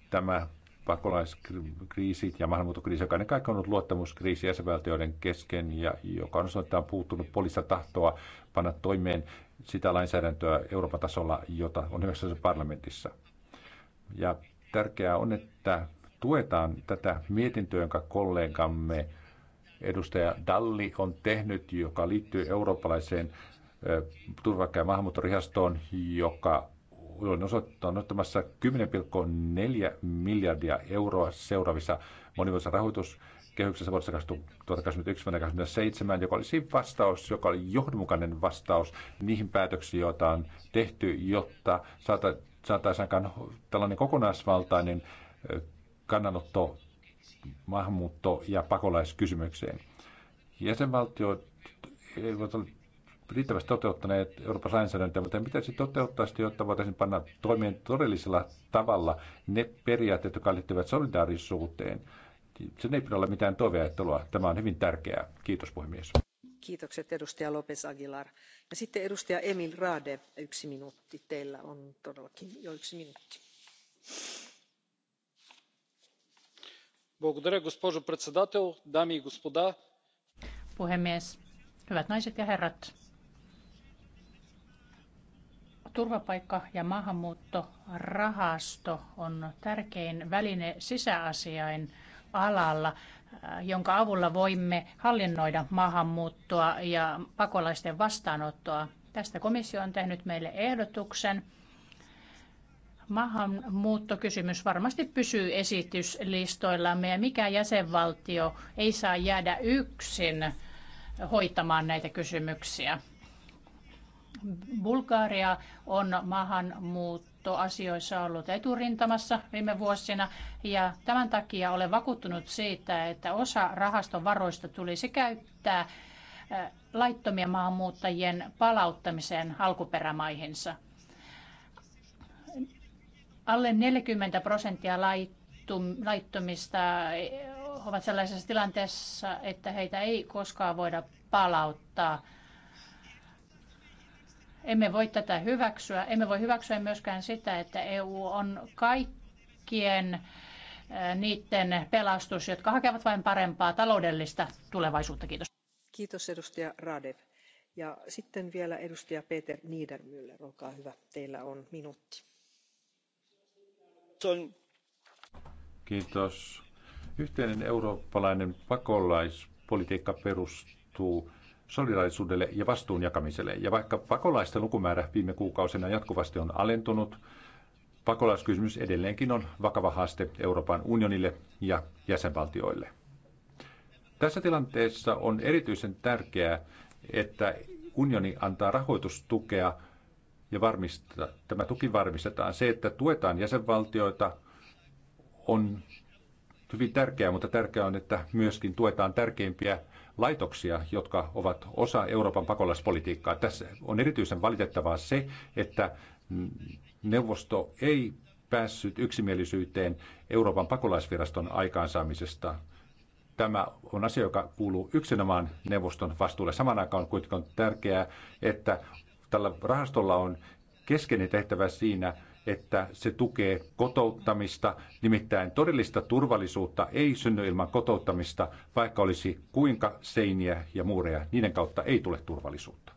tämä pakolaiskriisi ja maahanmuuttokriisi, joka ennen kaikkea on ollut luottamuskriisi jäsenvaltioiden kesken ja joka on osoittain puuttunut poliista tahtoa panna toimeen sitä lainsäädäntöä Euroopan tasolla, jota on hyväksytty parlamentissa. Ja tärkeää on, että tuetaan tätä mietintöä, jonka kollegamme edustaja Dalli on tehnyt, joka liittyy eurooppalaiseen turvakkeen maahanmuuttorihastoon, joka on osoittamassa 10,4 miljardia euroa seuraavissa monivuotisissa rahoituskehyksessä vuodessa 2021-2027, joka olisi vastaus, joka oli johdonmukainen vastaus niihin päätöksiin, joita on tehty, jotta saataisiin aikaan tällainen kokonaisvaltainen kannanotto maahanmuutto- ja pakolaiskysymykseen. Jäsenvaltiot eivät ole riittävästi toteuttaneet Euroopan lainsäädäntöä, mutta pitäisi toteuttaa sitä, jotta voitaisiin panna toimeen todellisella tavalla ne periaatteet, jotka liittyvät solidaarisuuteen. Sen ei pidä olla mitään toiveajattelua. Tämä on hyvin tärkeää. Kiitos puhemies. Kiitokset edustaja Lopez Aguilar. Ja sitten edustaja Emil Raade, yksi minuutti. Teillä on todellakin jo yksi minuutti. Puhemies, hyvät naiset ja herrat. Turvapaikka- ja maahanmuuttorahasto on tärkein väline sisäasiain alalla, äh, jonka avulla voimme hallinnoida maahanmuuttoa ja pakolaisten vastaanottoa. Tästä komissio on tehnyt meille ehdotuksen. Maahanmuuttokysymys varmasti pysyy esityslistoillamme ja mikä jäsenvaltio ei saa jäädä yksin hoitamaan näitä kysymyksiä. Bulgaria on maahanmuuttoasioissa ollut eturintamassa viime vuosina ja tämän takia olen vakuuttunut siitä, että osa rahaston varoista tulisi käyttää laittomien maahanmuuttajien palauttamiseen alkuperämaihinsa. Alle 40 prosenttia laittomista ovat sellaisessa tilanteessa, että heitä ei koskaan voida palauttaa – emme voi tätä hyväksyä. Emme voi hyväksyä myöskään sitä, että EU on kaikkien niiden pelastus, jotka hakevat vain parempaa taloudellista tulevaisuutta. Kiitos. Kiitos edustaja Radev. Ja sitten vielä edustaja Peter Niedermüller, olkaa hyvä. Teillä on minuutti. Kiitos. Yhteinen eurooppalainen pakolaispolitiikka perustuu solidaarisuudelle ja vastuun jakamiselle. Ja vaikka pakolaisten lukumäärä viime kuukausina jatkuvasti on alentunut, pakolaiskysymys edelleenkin on vakava haaste Euroopan unionille ja jäsenvaltioille. Tässä tilanteessa on erityisen tärkeää, että unioni antaa rahoitustukea ja varmistaa, tämä tuki varmistetaan. Se, että tuetaan jäsenvaltioita, on hyvin tärkeää, mutta tärkeää on, että myöskin tuetaan tärkeimpiä laitoksia, jotka ovat osa Euroopan pakolaispolitiikkaa. Tässä on erityisen valitettavaa se, että neuvosto ei päässyt yksimielisyyteen Euroopan pakolaisviraston aikaansaamisesta. Tämä on asia, joka kuuluu yksinomaan neuvoston vastuulle. Samaan aikaan on kuitenkin tärkeää, että tällä rahastolla on keskeinen tehtävä siinä, että se tukee kotouttamista, nimittäin todellista turvallisuutta ei synny ilman kotouttamista, vaikka olisi kuinka seiniä ja muureja, niiden kautta ei tule turvallisuutta.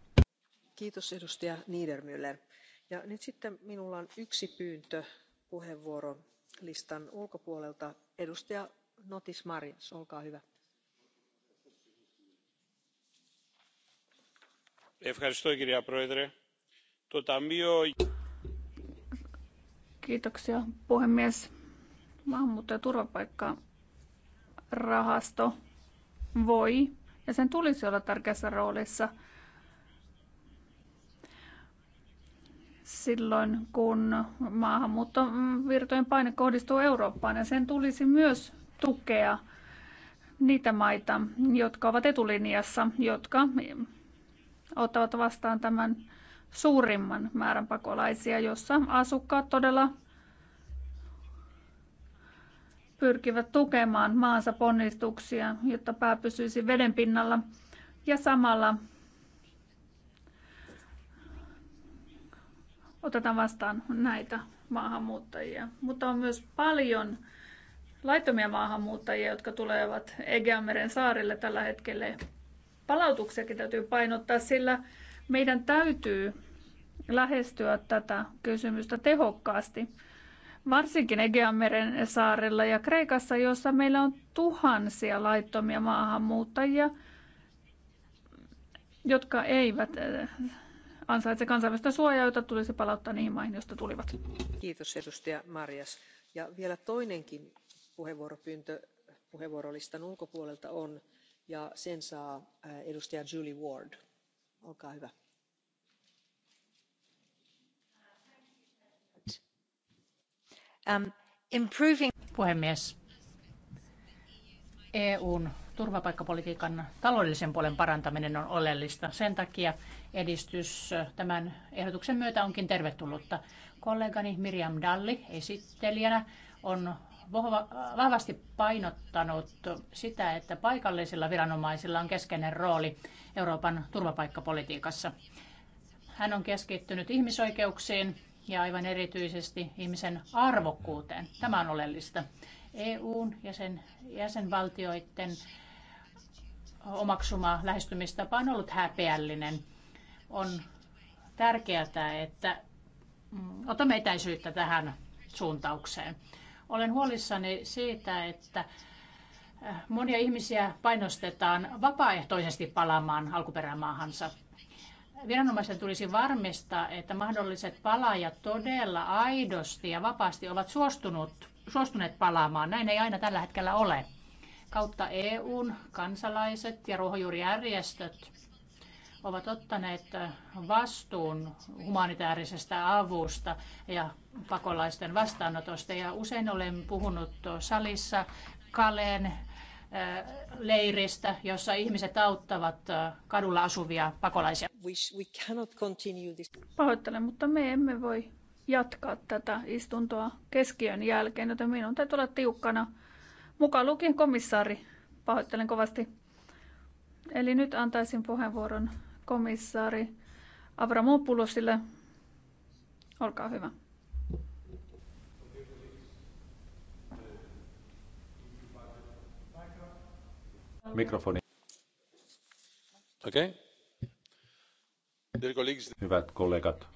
Kiitos edustaja Niedermüller. Ja nyt sitten minulla on yksi pyyntö puheenvuorolistan ulkopuolelta. Edustaja Notis Marins, olkaa hyvä. Ευχαριστώ κυρία Πρόεδρε. Το Ταμείο Kiitoksia puhemies. Maahanmuutto- ja turvapaikkarahasto voi ja sen tulisi olla tärkeässä roolissa silloin, kun maahanmuuttovirtojen paine kohdistuu Eurooppaan ja sen tulisi myös tukea niitä maita, jotka ovat etulinjassa, jotka ottavat vastaan tämän suurimman määrän pakolaisia, jossa asukkaat todella pyrkivät tukemaan maansa ponnistuksia, jotta pää pysyisi veden pinnalla ja samalla otetaan vastaan näitä maahanmuuttajia. Mutta on myös paljon laittomia maahanmuuttajia, jotka tulevat Egeanmeren saarille tällä hetkellä. Palautuksiakin täytyy painottaa, sillä meidän täytyy lähestyä tätä kysymystä tehokkaasti, varsinkin Egeanmeren saarella ja Kreikassa, jossa meillä on tuhansia laittomia maahanmuuttajia, jotka eivät eh, ansaitse kansainvälistä suojaa, jota tulisi palauttaa niihin maihin, joista tulivat. Kiitos edustaja Marias. Ja vielä toinenkin puheenvuoropyyntö puheenvuorolistan ulkopuolelta on ja sen saa eh, edustaja Julie Ward olkaa hyvä. Um, Puhemies. EUn turvapaikkapolitiikan taloudellisen puolen parantaminen on oleellista. Sen takia edistys tämän ehdotuksen myötä onkin tervetullutta. Kollegani Miriam Dalli esittelijänä on vahvasti painottanut sitä, että paikallisilla viranomaisilla on keskeinen rooli Euroopan turvapaikkapolitiikassa. Hän on keskittynyt ihmisoikeuksiin ja aivan erityisesti ihmisen arvokkuuteen. Tämä on oleellista. EUn ja sen jäsenvaltioiden omaksuma lähestymistapa on ollut häpeällinen. On tärkeää, että otamme etäisyyttä tähän suuntaukseen. Olen huolissani siitä, että äh, monia ihmisiä painostetaan vapaaehtoisesti palaamaan alkuperämaahansa. Viranomaisten tulisi varmistaa, että mahdolliset palaajat todella aidosti ja vapaasti ovat suostunut, suostuneet palaamaan. Näin ei aina tällä hetkellä ole. Kautta EUn kansalaiset ja ruohonjuurijärjestöt ovat ottaneet vastuun humanitaarisesta avusta ja pakolaisten vastaanotosta. Ja usein olen puhunut salissa Kaleen äh, leiristä, jossa ihmiset auttavat äh, kadulla asuvia pakolaisia. Pahoittelen, mutta me emme voi jatkaa tätä istuntoa keskiön jälkeen, joten minun täytyy olla tiukkana. Mukaan lukien komissaari. Pahoittelen kovasti. Eli nyt antaisin puheenvuoron komissaari Avramopoulosille. Olkaa hyvä. Mikrofoni. Okei. Okay. Hyvät kollegat,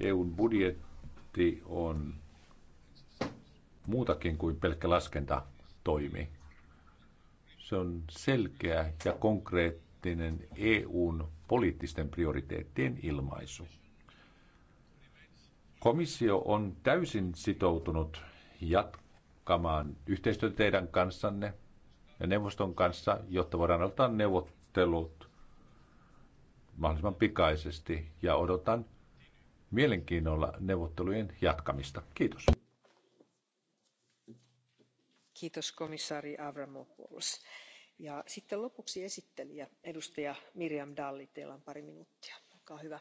EUn budjetti on muutakin kuin pelkkä toimi. Se on selkeä ja konkreettinen EUn poliittisten prioriteettien ilmaisu. Komissio on täysin sitoutunut jatkamaan yhteistyötä teidän kanssanne ja neuvoston kanssa, jotta voidaan aloittaa neuvottelut mahdollisimman pikaisesti ja odotan mielenkiinnolla neuvottelujen jatkamista. Kiitos. Kiitos komissaari Avramopoulos ja sitten lopuksi esittelijä edustaja miriam dalli teillä on pari minuuttia olkaa hyvä.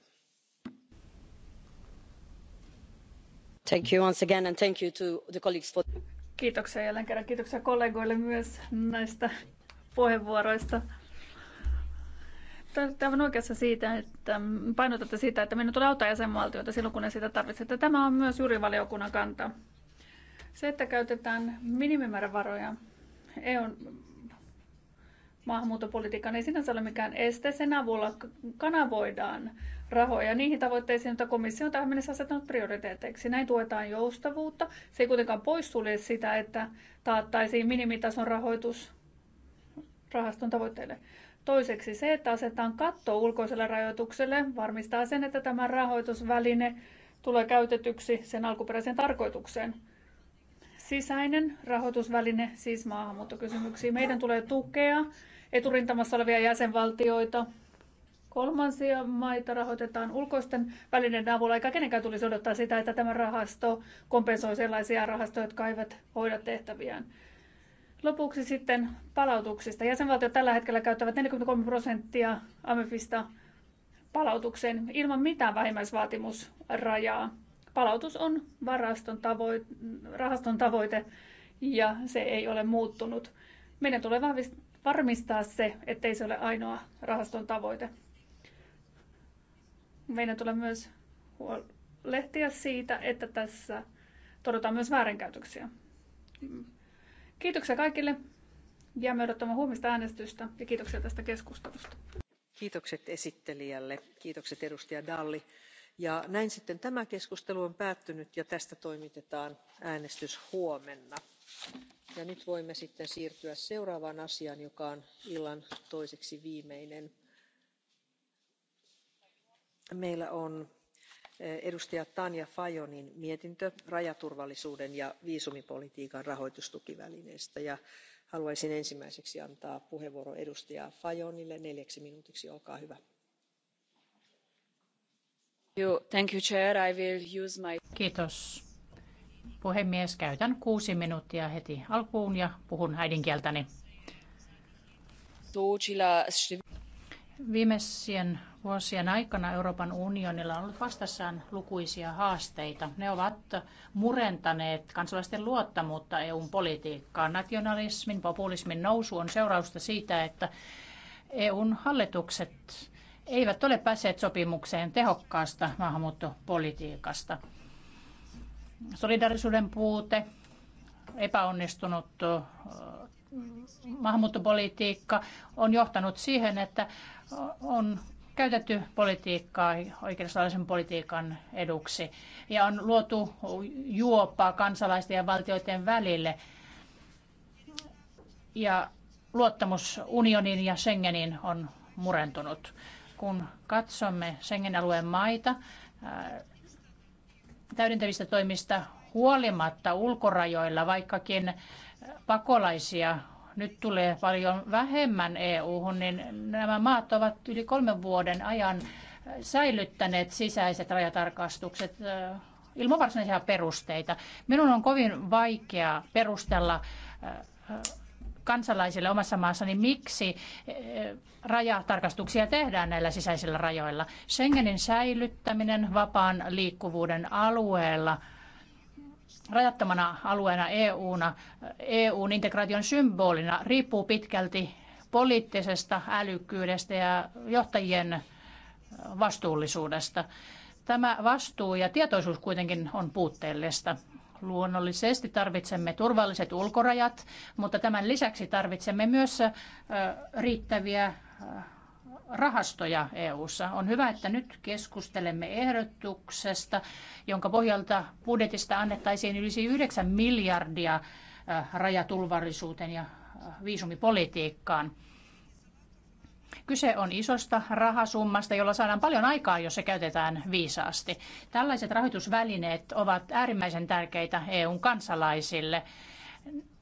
kiitoksia jälleen kerran kiitoksia kollegoille myös näistä puheenvuoroista. Olette aivan oikeassa siitä, että painotatte sitä, että meidän tulee auttaa jäsenvaltioita silloin, kun ne sitä tarvitsevat. Tämä on myös valiokunnan kanta. Se, että käytetään minimimäärä varoja EUn maahanmuuttopolitiikka ei sinänsä ole mikään este. Sen avulla kanavoidaan rahoja niihin tavoitteisiin, joita komissio on tähän mennessä asettanut prioriteeteiksi. Näin tuetaan joustavuutta. Se ei kuitenkaan poissulje sitä, että taattaisiin minimitason rahoitus rahaston tavoitteille. Toiseksi se, että asetetaan katto ulkoiselle rajoitukselle, varmistaa sen, että tämä rahoitusväline tulee käytetyksi sen alkuperäiseen tarkoitukseen sisäinen rahoitusväline, siis maahanmuuttokysymyksiin. Meidän tulee tukea eturintamassa olevia jäsenvaltioita. Kolmansia maita rahoitetaan ulkoisten välineiden avulla, eikä kenenkään tulisi odottaa sitä, että tämä rahasto kompensoi sellaisia rahastoja, jotka eivät hoida tehtäviään. Lopuksi sitten palautuksista. Jäsenvaltiot tällä hetkellä käyttävät 43 prosenttia AMEFista palautukseen ilman mitään vähimmäisvaatimusrajaa. Palautus on varaston tavoite, rahaston tavoite ja se ei ole muuttunut. Meidän tulee vahvist- varmistaa se, ettei se ole ainoa rahaston tavoite. Meidän tulee myös huolehtia siitä, että tässä todetaan myös väärinkäytöksiä. Kiitoksia kaikille. Jäämme odottamaan huomista äänestystä ja kiitoksia tästä keskustelusta. Kiitokset esittelijälle, kiitokset edustaja Dalli. Ja näin sitten tämä keskustelu on päättynyt ja tästä toimitetaan äänestys huomenna ja nyt voimme sitten siirtyä seuraavaan asiaan joka on illan toiseksi viimeinen. meillä on eh, edustaja tanja fajonin mietintö rajaturvallisuuden ja viisumipolitiikan rahoitustukivälineestä ja haluaisin ensimmäiseksi antaa puheenvuoron edustaja fajonille neljäksi minuutiksi olkaa hyvä. Kiitos Puhemies, käytän kuusi minuuttia heti alkuun ja puhun äidinkieltäni. Viimeisien vuosien aikana Euroopan unionilla on ollut vastassaan lukuisia haasteita. Ne ovat murentaneet kansalaisten luottamuutta EUn politiikkaan. Nationalismin, populismin nousu on seurausta siitä, että EUn hallitukset eivät ole päässeet sopimukseen tehokkaasta maahanmuuttopolitiikasta solidarisuuden puute, epäonnistunut maahanmuuttopolitiikka on johtanut siihen, että on käytetty politiikkaa oikeistolaisen politiikan eduksi ja on luotu juoppaa kansalaisten ja valtioiden välille ja luottamus unionin ja Schengenin on murentunut. Kun katsomme Schengen-alueen maita, täydentävistä toimista huolimatta ulkorajoilla, vaikkakin pakolaisia nyt tulee paljon vähemmän EU-hun, niin nämä maat ovat yli kolmen vuoden ajan säilyttäneet sisäiset rajatarkastukset ilman varsinaisia perusteita. Minun on kovin vaikea perustella kansalaisille omassa maassa, niin miksi eh, rajatarkastuksia tehdään näillä sisäisillä rajoilla? Schengenin säilyttäminen vapaan liikkuvuuden alueella rajattomana alueena EUna, EUn integraation symbolina riippuu pitkälti poliittisesta älykkyydestä ja johtajien vastuullisuudesta. Tämä vastuu ja tietoisuus kuitenkin on puutteellista. Luonnollisesti tarvitsemme turvalliset ulkorajat, mutta tämän lisäksi tarvitsemme myös riittäviä rahastoja EU:ssa. On hyvä, että nyt keskustelemme ehdotuksesta, jonka pohjalta budjetista annettaisiin yli 9 miljardia rajaturvallisuuteen ja viisumipolitiikkaan. Kyse on isosta rahasummasta, jolla saadaan paljon aikaa, jos se käytetään viisaasti. Tällaiset rahoitusvälineet ovat äärimmäisen tärkeitä EUn kansalaisille.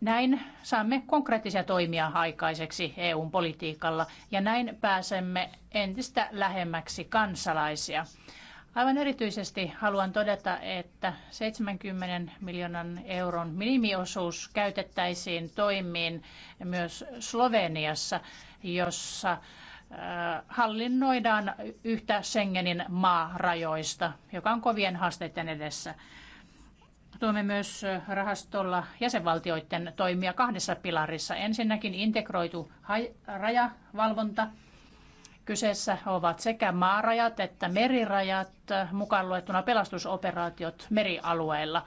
Näin saamme konkreettisia toimia aikaiseksi EUn politiikalla ja näin pääsemme entistä lähemmäksi kansalaisia. Aivan erityisesti haluan todeta, että 70 miljoonan euron minimiosuus käytettäisiin toimiin myös Sloveniassa, jossa äh, hallinnoidaan yhtä Schengenin maarajoista, joka on kovien haasteiden edessä. Tuomme myös äh, rahastolla jäsenvaltioiden toimia kahdessa pilarissa. Ensinnäkin integroitu rajavalvonta – Kyseessä ovat sekä maarajat että merirajat, mukaan luettuna pelastusoperaatiot merialueilla.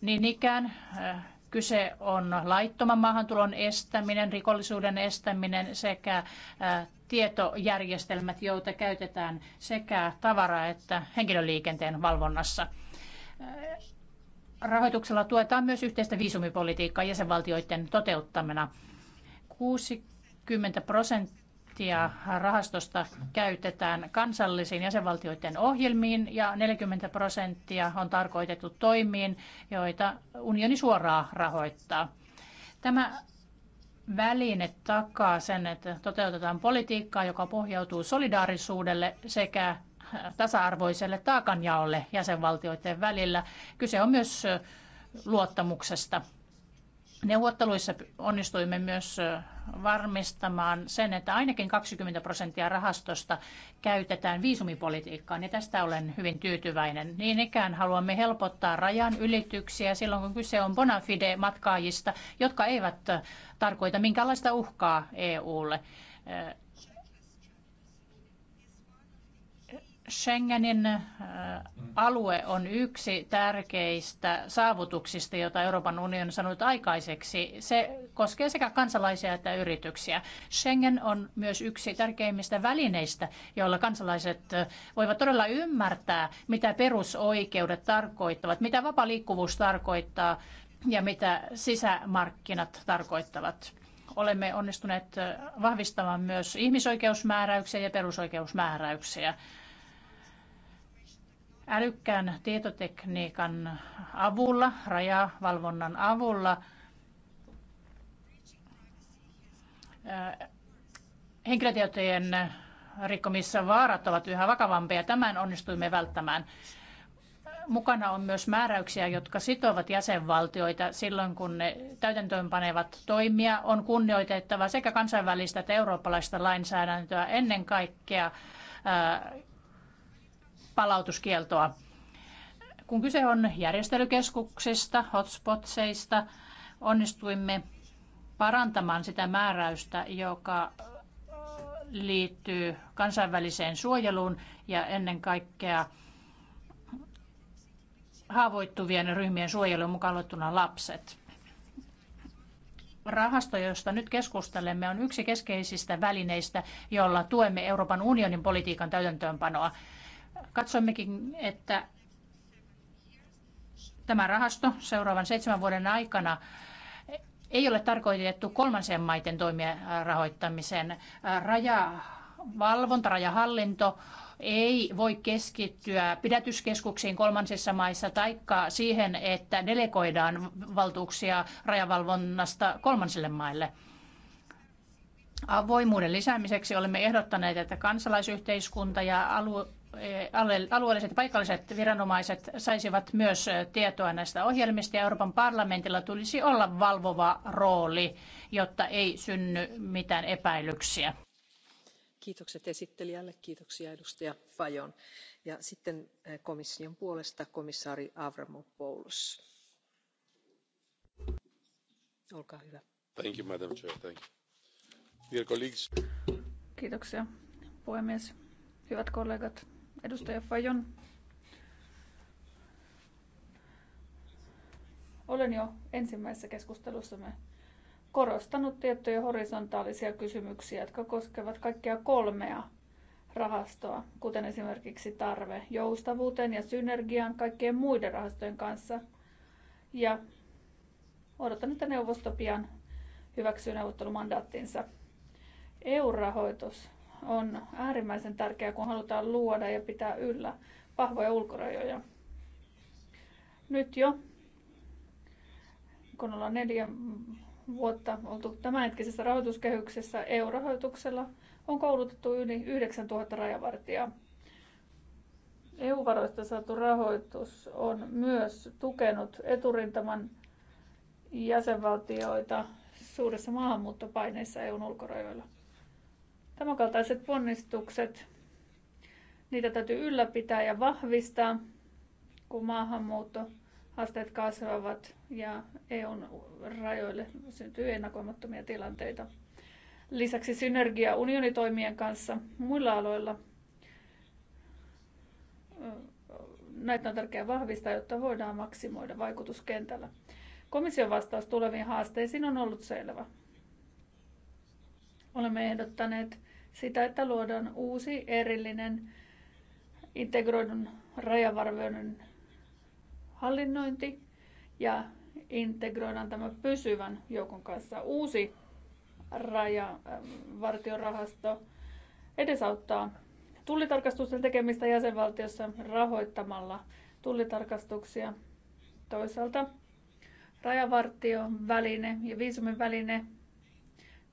Niin ikään äh, kyse on laittoman maahantulon estäminen, rikollisuuden estäminen sekä äh, tietojärjestelmät, joita käytetään sekä tavara- että henkilöliikenteen valvonnassa. Äh, rahoituksella tuetaan myös yhteistä viisumipolitiikkaa jäsenvaltioiden toteuttamana. 60 prosenttia prosenttia rahastosta käytetään kansallisiin jäsenvaltioiden ohjelmiin ja 40 prosenttia on tarkoitettu toimiin, joita unioni suoraan rahoittaa. Tämä väline takaa sen, että toteutetaan politiikkaa, joka pohjautuu solidaarisuudelle sekä tasa-arvoiselle taakanjaolle jäsenvaltioiden välillä. Kyse on myös luottamuksesta. Neuvotteluissa onnistuimme myös varmistamaan sen, että ainakin 20 prosenttia rahastosta käytetään viisumipolitiikkaan, ja tästä olen hyvin tyytyväinen. Niin ikään haluamme helpottaa rajan ylityksiä silloin, kun kyse on bona fide matkaajista, jotka eivät tarkoita minkäänlaista uhkaa EUlle. Schengenin äh, mm. alue on yksi tärkeistä saavutuksista, jota Euroopan unioni on saanut aikaiseksi. Se koskee sekä kansalaisia että yrityksiä. Schengen on myös yksi tärkeimmistä välineistä, joilla kansalaiset äh, voivat todella ymmärtää, mitä perusoikeudet tarkoittavat, mitä vapaa liikkuvuus tarkoittaa ja mitä sisämarkkinat tarkoittavat olemme onnistuneet äh, vahvistamaan myös ihmisoikeusmääräyksiä ja perusoikeusmääräyksiä. Älykkään tietotekniikan avulla, rajavalvonnan avulla äh, henkilötietojen rikkomissa vaarat ovat yhä vakavampia. Tämän onnistuimme välttämään. Mukana on myös määräyksiä, jotka sitovat jäsenvaltioita silloin, kun ne täytäntöönpanevat toimia. On kunnioitettava sekä kansainvälistä että eurooppalaista lainsäädäntöä ennen kaikkea äh, palautuskieltoa. Kun kyse on järjestelykeskuksista, hotspotseista, onnistuimme parantamaan sitä määräystä, joka liittyy kansainväliseen suojeluun ja ennen kaikkea haavoittuvien ryhmien suojeluun mukaan luettuna lapset. Rahasto, josta nyt keskustelemme, on yksi keskeisistä välineistä, jolla tuemme Euroopan unionin politiikan täytäntöönpanoa. Katsommekin, että tämä rahasto seuraavan seitsemän vuoden aikana ei ole tarkoitettu kolmansien maiden toimien rahoittamiseen. Rajavalvonta, rajahallinto ei voi keskittyä pidätyskeskuksiin kolmansissa maissa tai siihen, että delegoidaan valtuuksia rajavalvonnasta kolmansille maille. Avoimuuden lisäämiseksi olemme ehdottaneet, että kansalaisyhteiskunta ja alue Eh, alueelliset ja paikalliset viranomaiset saisivat myös eh, tietoa näistä ohjelmista ja Euroopan parlamentilla tulisi olla valvova rooli, jotta ei synny mitään epäilyksiä. Kiitokset esittelijälle, kiitoksia edustaja Fajon. Ja sitten eh, komission puolesta komissaari Avramopoulos. Olkaa hyvä. Thank you, Madam Chair. Thank you. Dear colleagues. Kiitoksia, puhemies. Hyvät kollegat, Edustaja Fajon. Olen jo ensimmäisessä keskustelussamme korostanut tiettyjä horisontaalisia kysymyksiä, jotka koskevat kaikkia kolmea rahastoa, kuten esimerkiksi tarve joustavuuteen ja synergiaan kaikkien muiden rahastojen kanssa. Ja odotan, että neuvosto pian hyväksyy neuvottelumandaattinsa. EU-rahoitus on äärimmäisen tärkeää, kun halutaan luoda ja pitää yllä vahvoja ulkorajoja. Nyt jo, kun ollaan neljä vuotta oltu tämänhetkisessä rahoituskehyksessä EU-rahoituksella, on koulutettu yli 9000 rajavartijaa. EU-varoista saatu rahoitus on myös tukenut eturintaman jäsenvaltioita suuressa maahanmuuttopaineissa EUn ulkorajoilla. Tämänkaltaiset ponnistukset, niitä täytyy ylläpitää ja vahvistaa, kun maahanmuutto haasteet kasvavat ja EUn rajoille syntyy ennakoimattomia tilanteita. Lisäksi synergia unionitoimien kanssa muilla aloilla. Näitä on tärkeää vahvistaa, jotta voidaan maksimoida vaikutuskentällä. Komission vastaus tuleviin haasteisiin on ollut selvä. Olemme ehdottaneet sitä, että luodaan uusi erillinen integroidun rajavarvioinnin hallinnointi ja integroidaan tämä pysyvän joukon kanssa uusi rajavartiorahasto edesauttaa tullitarkastusten tekemistä jäsenvaltiossa rahoittamalla tullitarkastuksia. Toisaalta rajavartioväline ja viisumin väline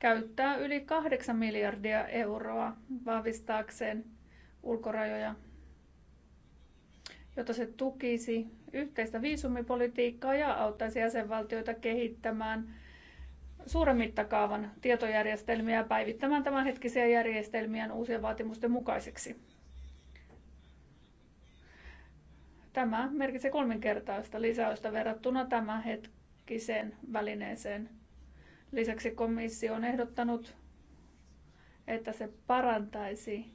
käyttää yli 8 miljardia euroa vahvistaakseen ulkorajoja jotta se tukisi yhteistä viisumipolitiikkaa ja auttaisi jäsenvaltioita kehittämään suuren mittakaavan tietojärjestelmiä ja päivittämään tämänhetkisiä järjestelmiä uusien vaatimusten mukaisiksi. Tämä merkitsee kolminkertaista lisäystä verrattuna tämänhetkiseen välineeseen Lisäksi komissio on ehdottanut, että se parantaisi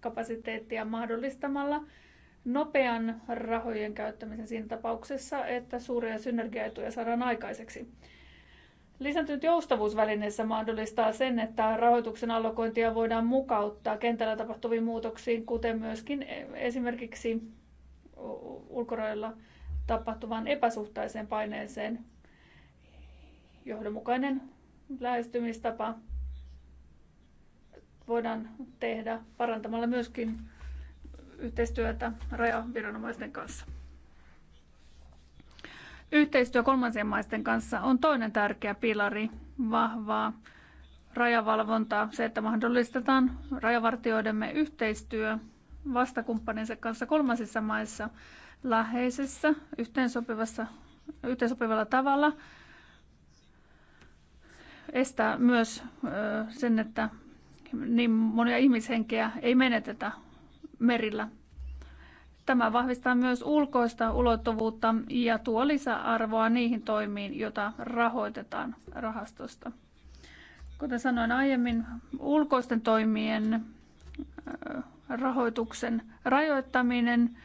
kapasiteettia mahdollistamalla nopean rahojen käyttämisen siinä tapauksessa, että suuria synergiaetuja saadaan aikaiseksi. Lisääntynyt joustavuusvälineessä mahdollistaa sen, että rahoituksen allokointia voidaan mukauttaa kentällä tapahtuviin muutoksiin, kuten myöskin e- esimerkiksi ulkorajoilla tapahtuvaan epäsuhtaiseen paineeseen johdonmukainen lähestymistapa voidaan tehdä parantamalla myöskin yhteistyötä rajaviranomaisten kanssa. Yhteistyö kolmansien maisten kanssa on toinen tärkeä pilari vahvaa rajavalvontaa, se, että mahdollistetaan rajavartioidemme yhteistyö vastakumppaninsa kanssa kolmansissa maissa läheisessä, yhteensopivassa, yhteensopivalla tavalla – estää myös sen, että niin monia ihmishenkeä ei menetetä merillä. Tämä vahvistaa myös ulkoista ulottuvuutta ja tuo lisäarvoa niihin toimiin, joita rahoitetaan rahastosta. Kuten sanoin aiemmin, ulkoisten toimien rahoituksen rajoittaminen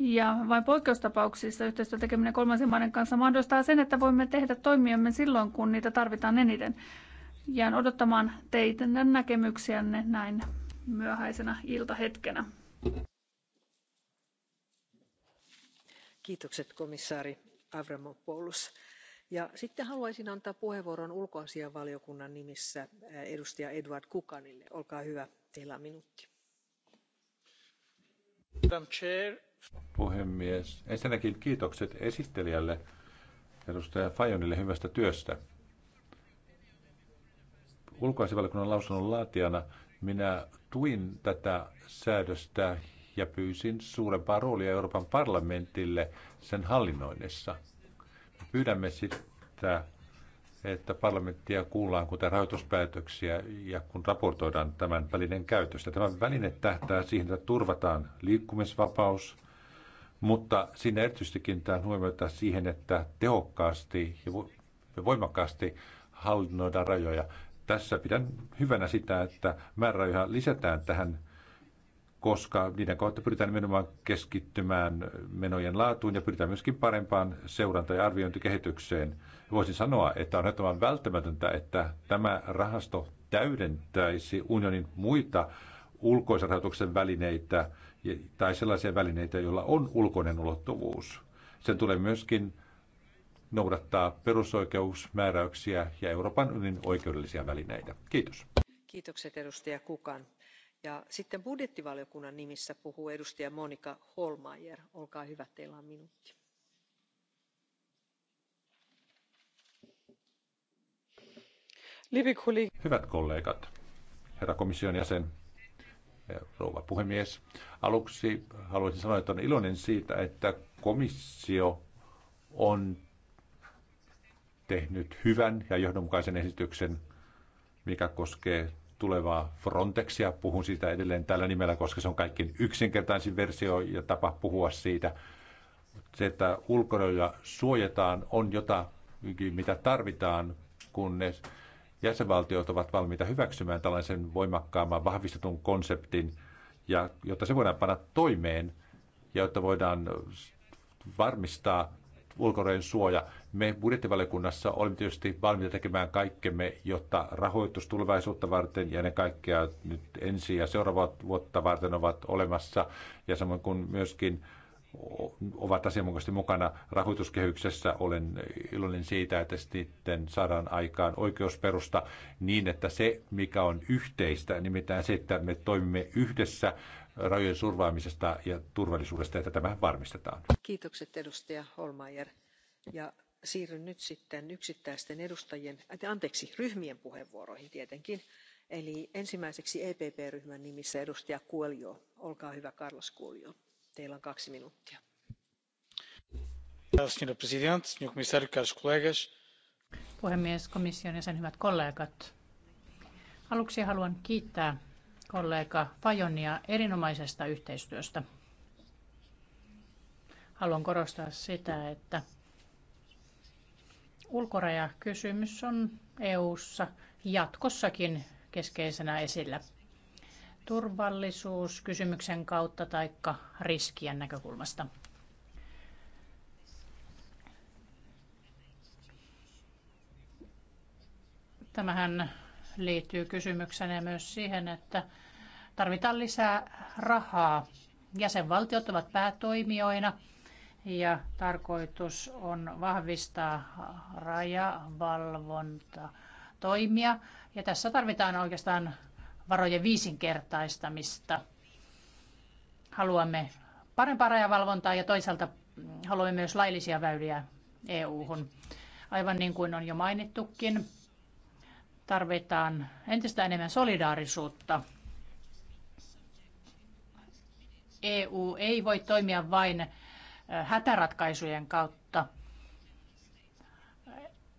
ja vain poikkeustapauksissa yhteistyön tekeminen kolmansien maiden kanssa mahdollistaa sen, että voimme tehdä toimiamme silloin, kun niitä tarvitaan eniten. Jään odottamaan teidän näkemyksiänne näin myöhäisenä iltahetkenä. Kiitokset komissaari Avramopoulos. Ja sitten haluaisin antaa puheenvuoron ulkoasianvaliokunnan nimissä edustaja Edward Kukanille. Olkaa hyvä, teillä on minuutti. Madam Chair, puhemies. Ensinnäkin kiitokset esittelijälle, edustaja Fajonille hyvästä työstä. Ulkoasivalikunnan lausunnon laatijana minä tuin tätä säädöstä ja pyysin suurempaa roolia Euroopan parlamentille sen hallinnoinnissa. pyydämme sitä, että parlamenttia kuullaan, kuten rahoituspäätöksiä ja kun raportoidaan tämän välinen käytöstä. Tämä väline tähtää siihen, että turvataan liikkumisvapaus – mutta siinä erityisesti kiinnitetään huomiota siihen, että tehokkaasti ja voimakkaasti hallinnoidaan rajoja. Tässä pidän hyvänä sitä, että määrärajoja lisätään tähän, koska niiden kautta pyritään nimenomaan keskittymään menojen laatuun ja pyritään myöskin parempaan seuranta- ja arviointikehitykseen. Voisin sanoa, että on ehdottoman välttämätöntä, että tämä rahasto täydentäisi unionin muita ulkoisen välineitä, tai sellaisia välineitä, joilla on ulkoinen ulottuvuus. Sen tulee myöskin noudattaa perusoikeusmääräyksiä ja Euroopan unionin oikeudellisia välineitä. Kiitos. Kiitokset edustaja Kukan. Ja sitten budjettivaliokunnan nimissä puhuu edustaja Monika Holmeier. Olkaa hyvä, teillä on minuutti. Hyvät kollegat, herra komission jäsen, rouva puhemies. Aluksi haluaisin sanoa, että olen iloinen siitä, että komissio on tehnyt hyvän ja johdonmukaisen esityksen, mikä koskee tulevaa Frontexia. Puhun siitä edelleen tällä nimellä, koska se on kaikkein yksinkertaisin versio ja tapa puhua siitä. Se, että ulkorajoja suojataan, on jotain, mitä tarvitaan, kunnes jäsenvaltiot ovat valmiita hyväksymään tällaisen voimakkaamman vahvistetun konseptin, ja jotta se voidaan panna toimeen ja jotta voidaan varmistaa ulkorajojen suoja. Me budjettivaliokunnassa olemme tietysti valmiita tekemään kaikkemme, jotta rahoitus tulevaisuutta varten ja ne kaikkea nyt ensi ja seuraavat vuotta varten ovat olemassa ja samoin kuin myöskin ovat asianmukaisesti mukana rahoituskehyksessä. Olen iloinen siitä, että sitten saadaan aikaan oikeusperusta niin, että se, mikä on yhteistä, nimittäin se, että me toimimme yhdessä rajojen survaamisesta ja turvallisuudesta, että tämä varmistetaan. Kiitokset edustaja Holmeier. Ja siirryn nyt sitten yksittäisten edustajien, anteeksi, ryhmien puheenvuoroihin tietenkin. Eli ensimmäiseksi EPP-ryhmän nimissä edustaja Kuolio. Olkaa hyvä, Carlos Kuolio arvoisa puhemies komission jäsen hyvät kollegat aluksi haluan kiittää kollega fajonia erinomaisesta yhteistyöstä. haluan korostaa sitä että ulkorajakysymys on eussa jatkossakin keskeisenä esillä turvallisuuskysymyksen kautta tai riskien näkökulmasta? Tämähän liittyy ja myös siihen, että tarvitaan lisää rahaa. Jäsenvaltiot ovat päätoimijoina ja tarkoitus on vahvistaa rajavalvonta toimia. Ja tässä tarvitaan oikeastaan varojen viisinkertaistamista. Haluamme parempaa rajavalvontaa ja toisaalta mm, haluamme myös laillisia väyliä EU-hun. Aivan niin kuin on jo mainittukin, tarvitaan entistä enemmän solidaarisuutta. EU ei voi toimia vain hätäratkaisujen kautta –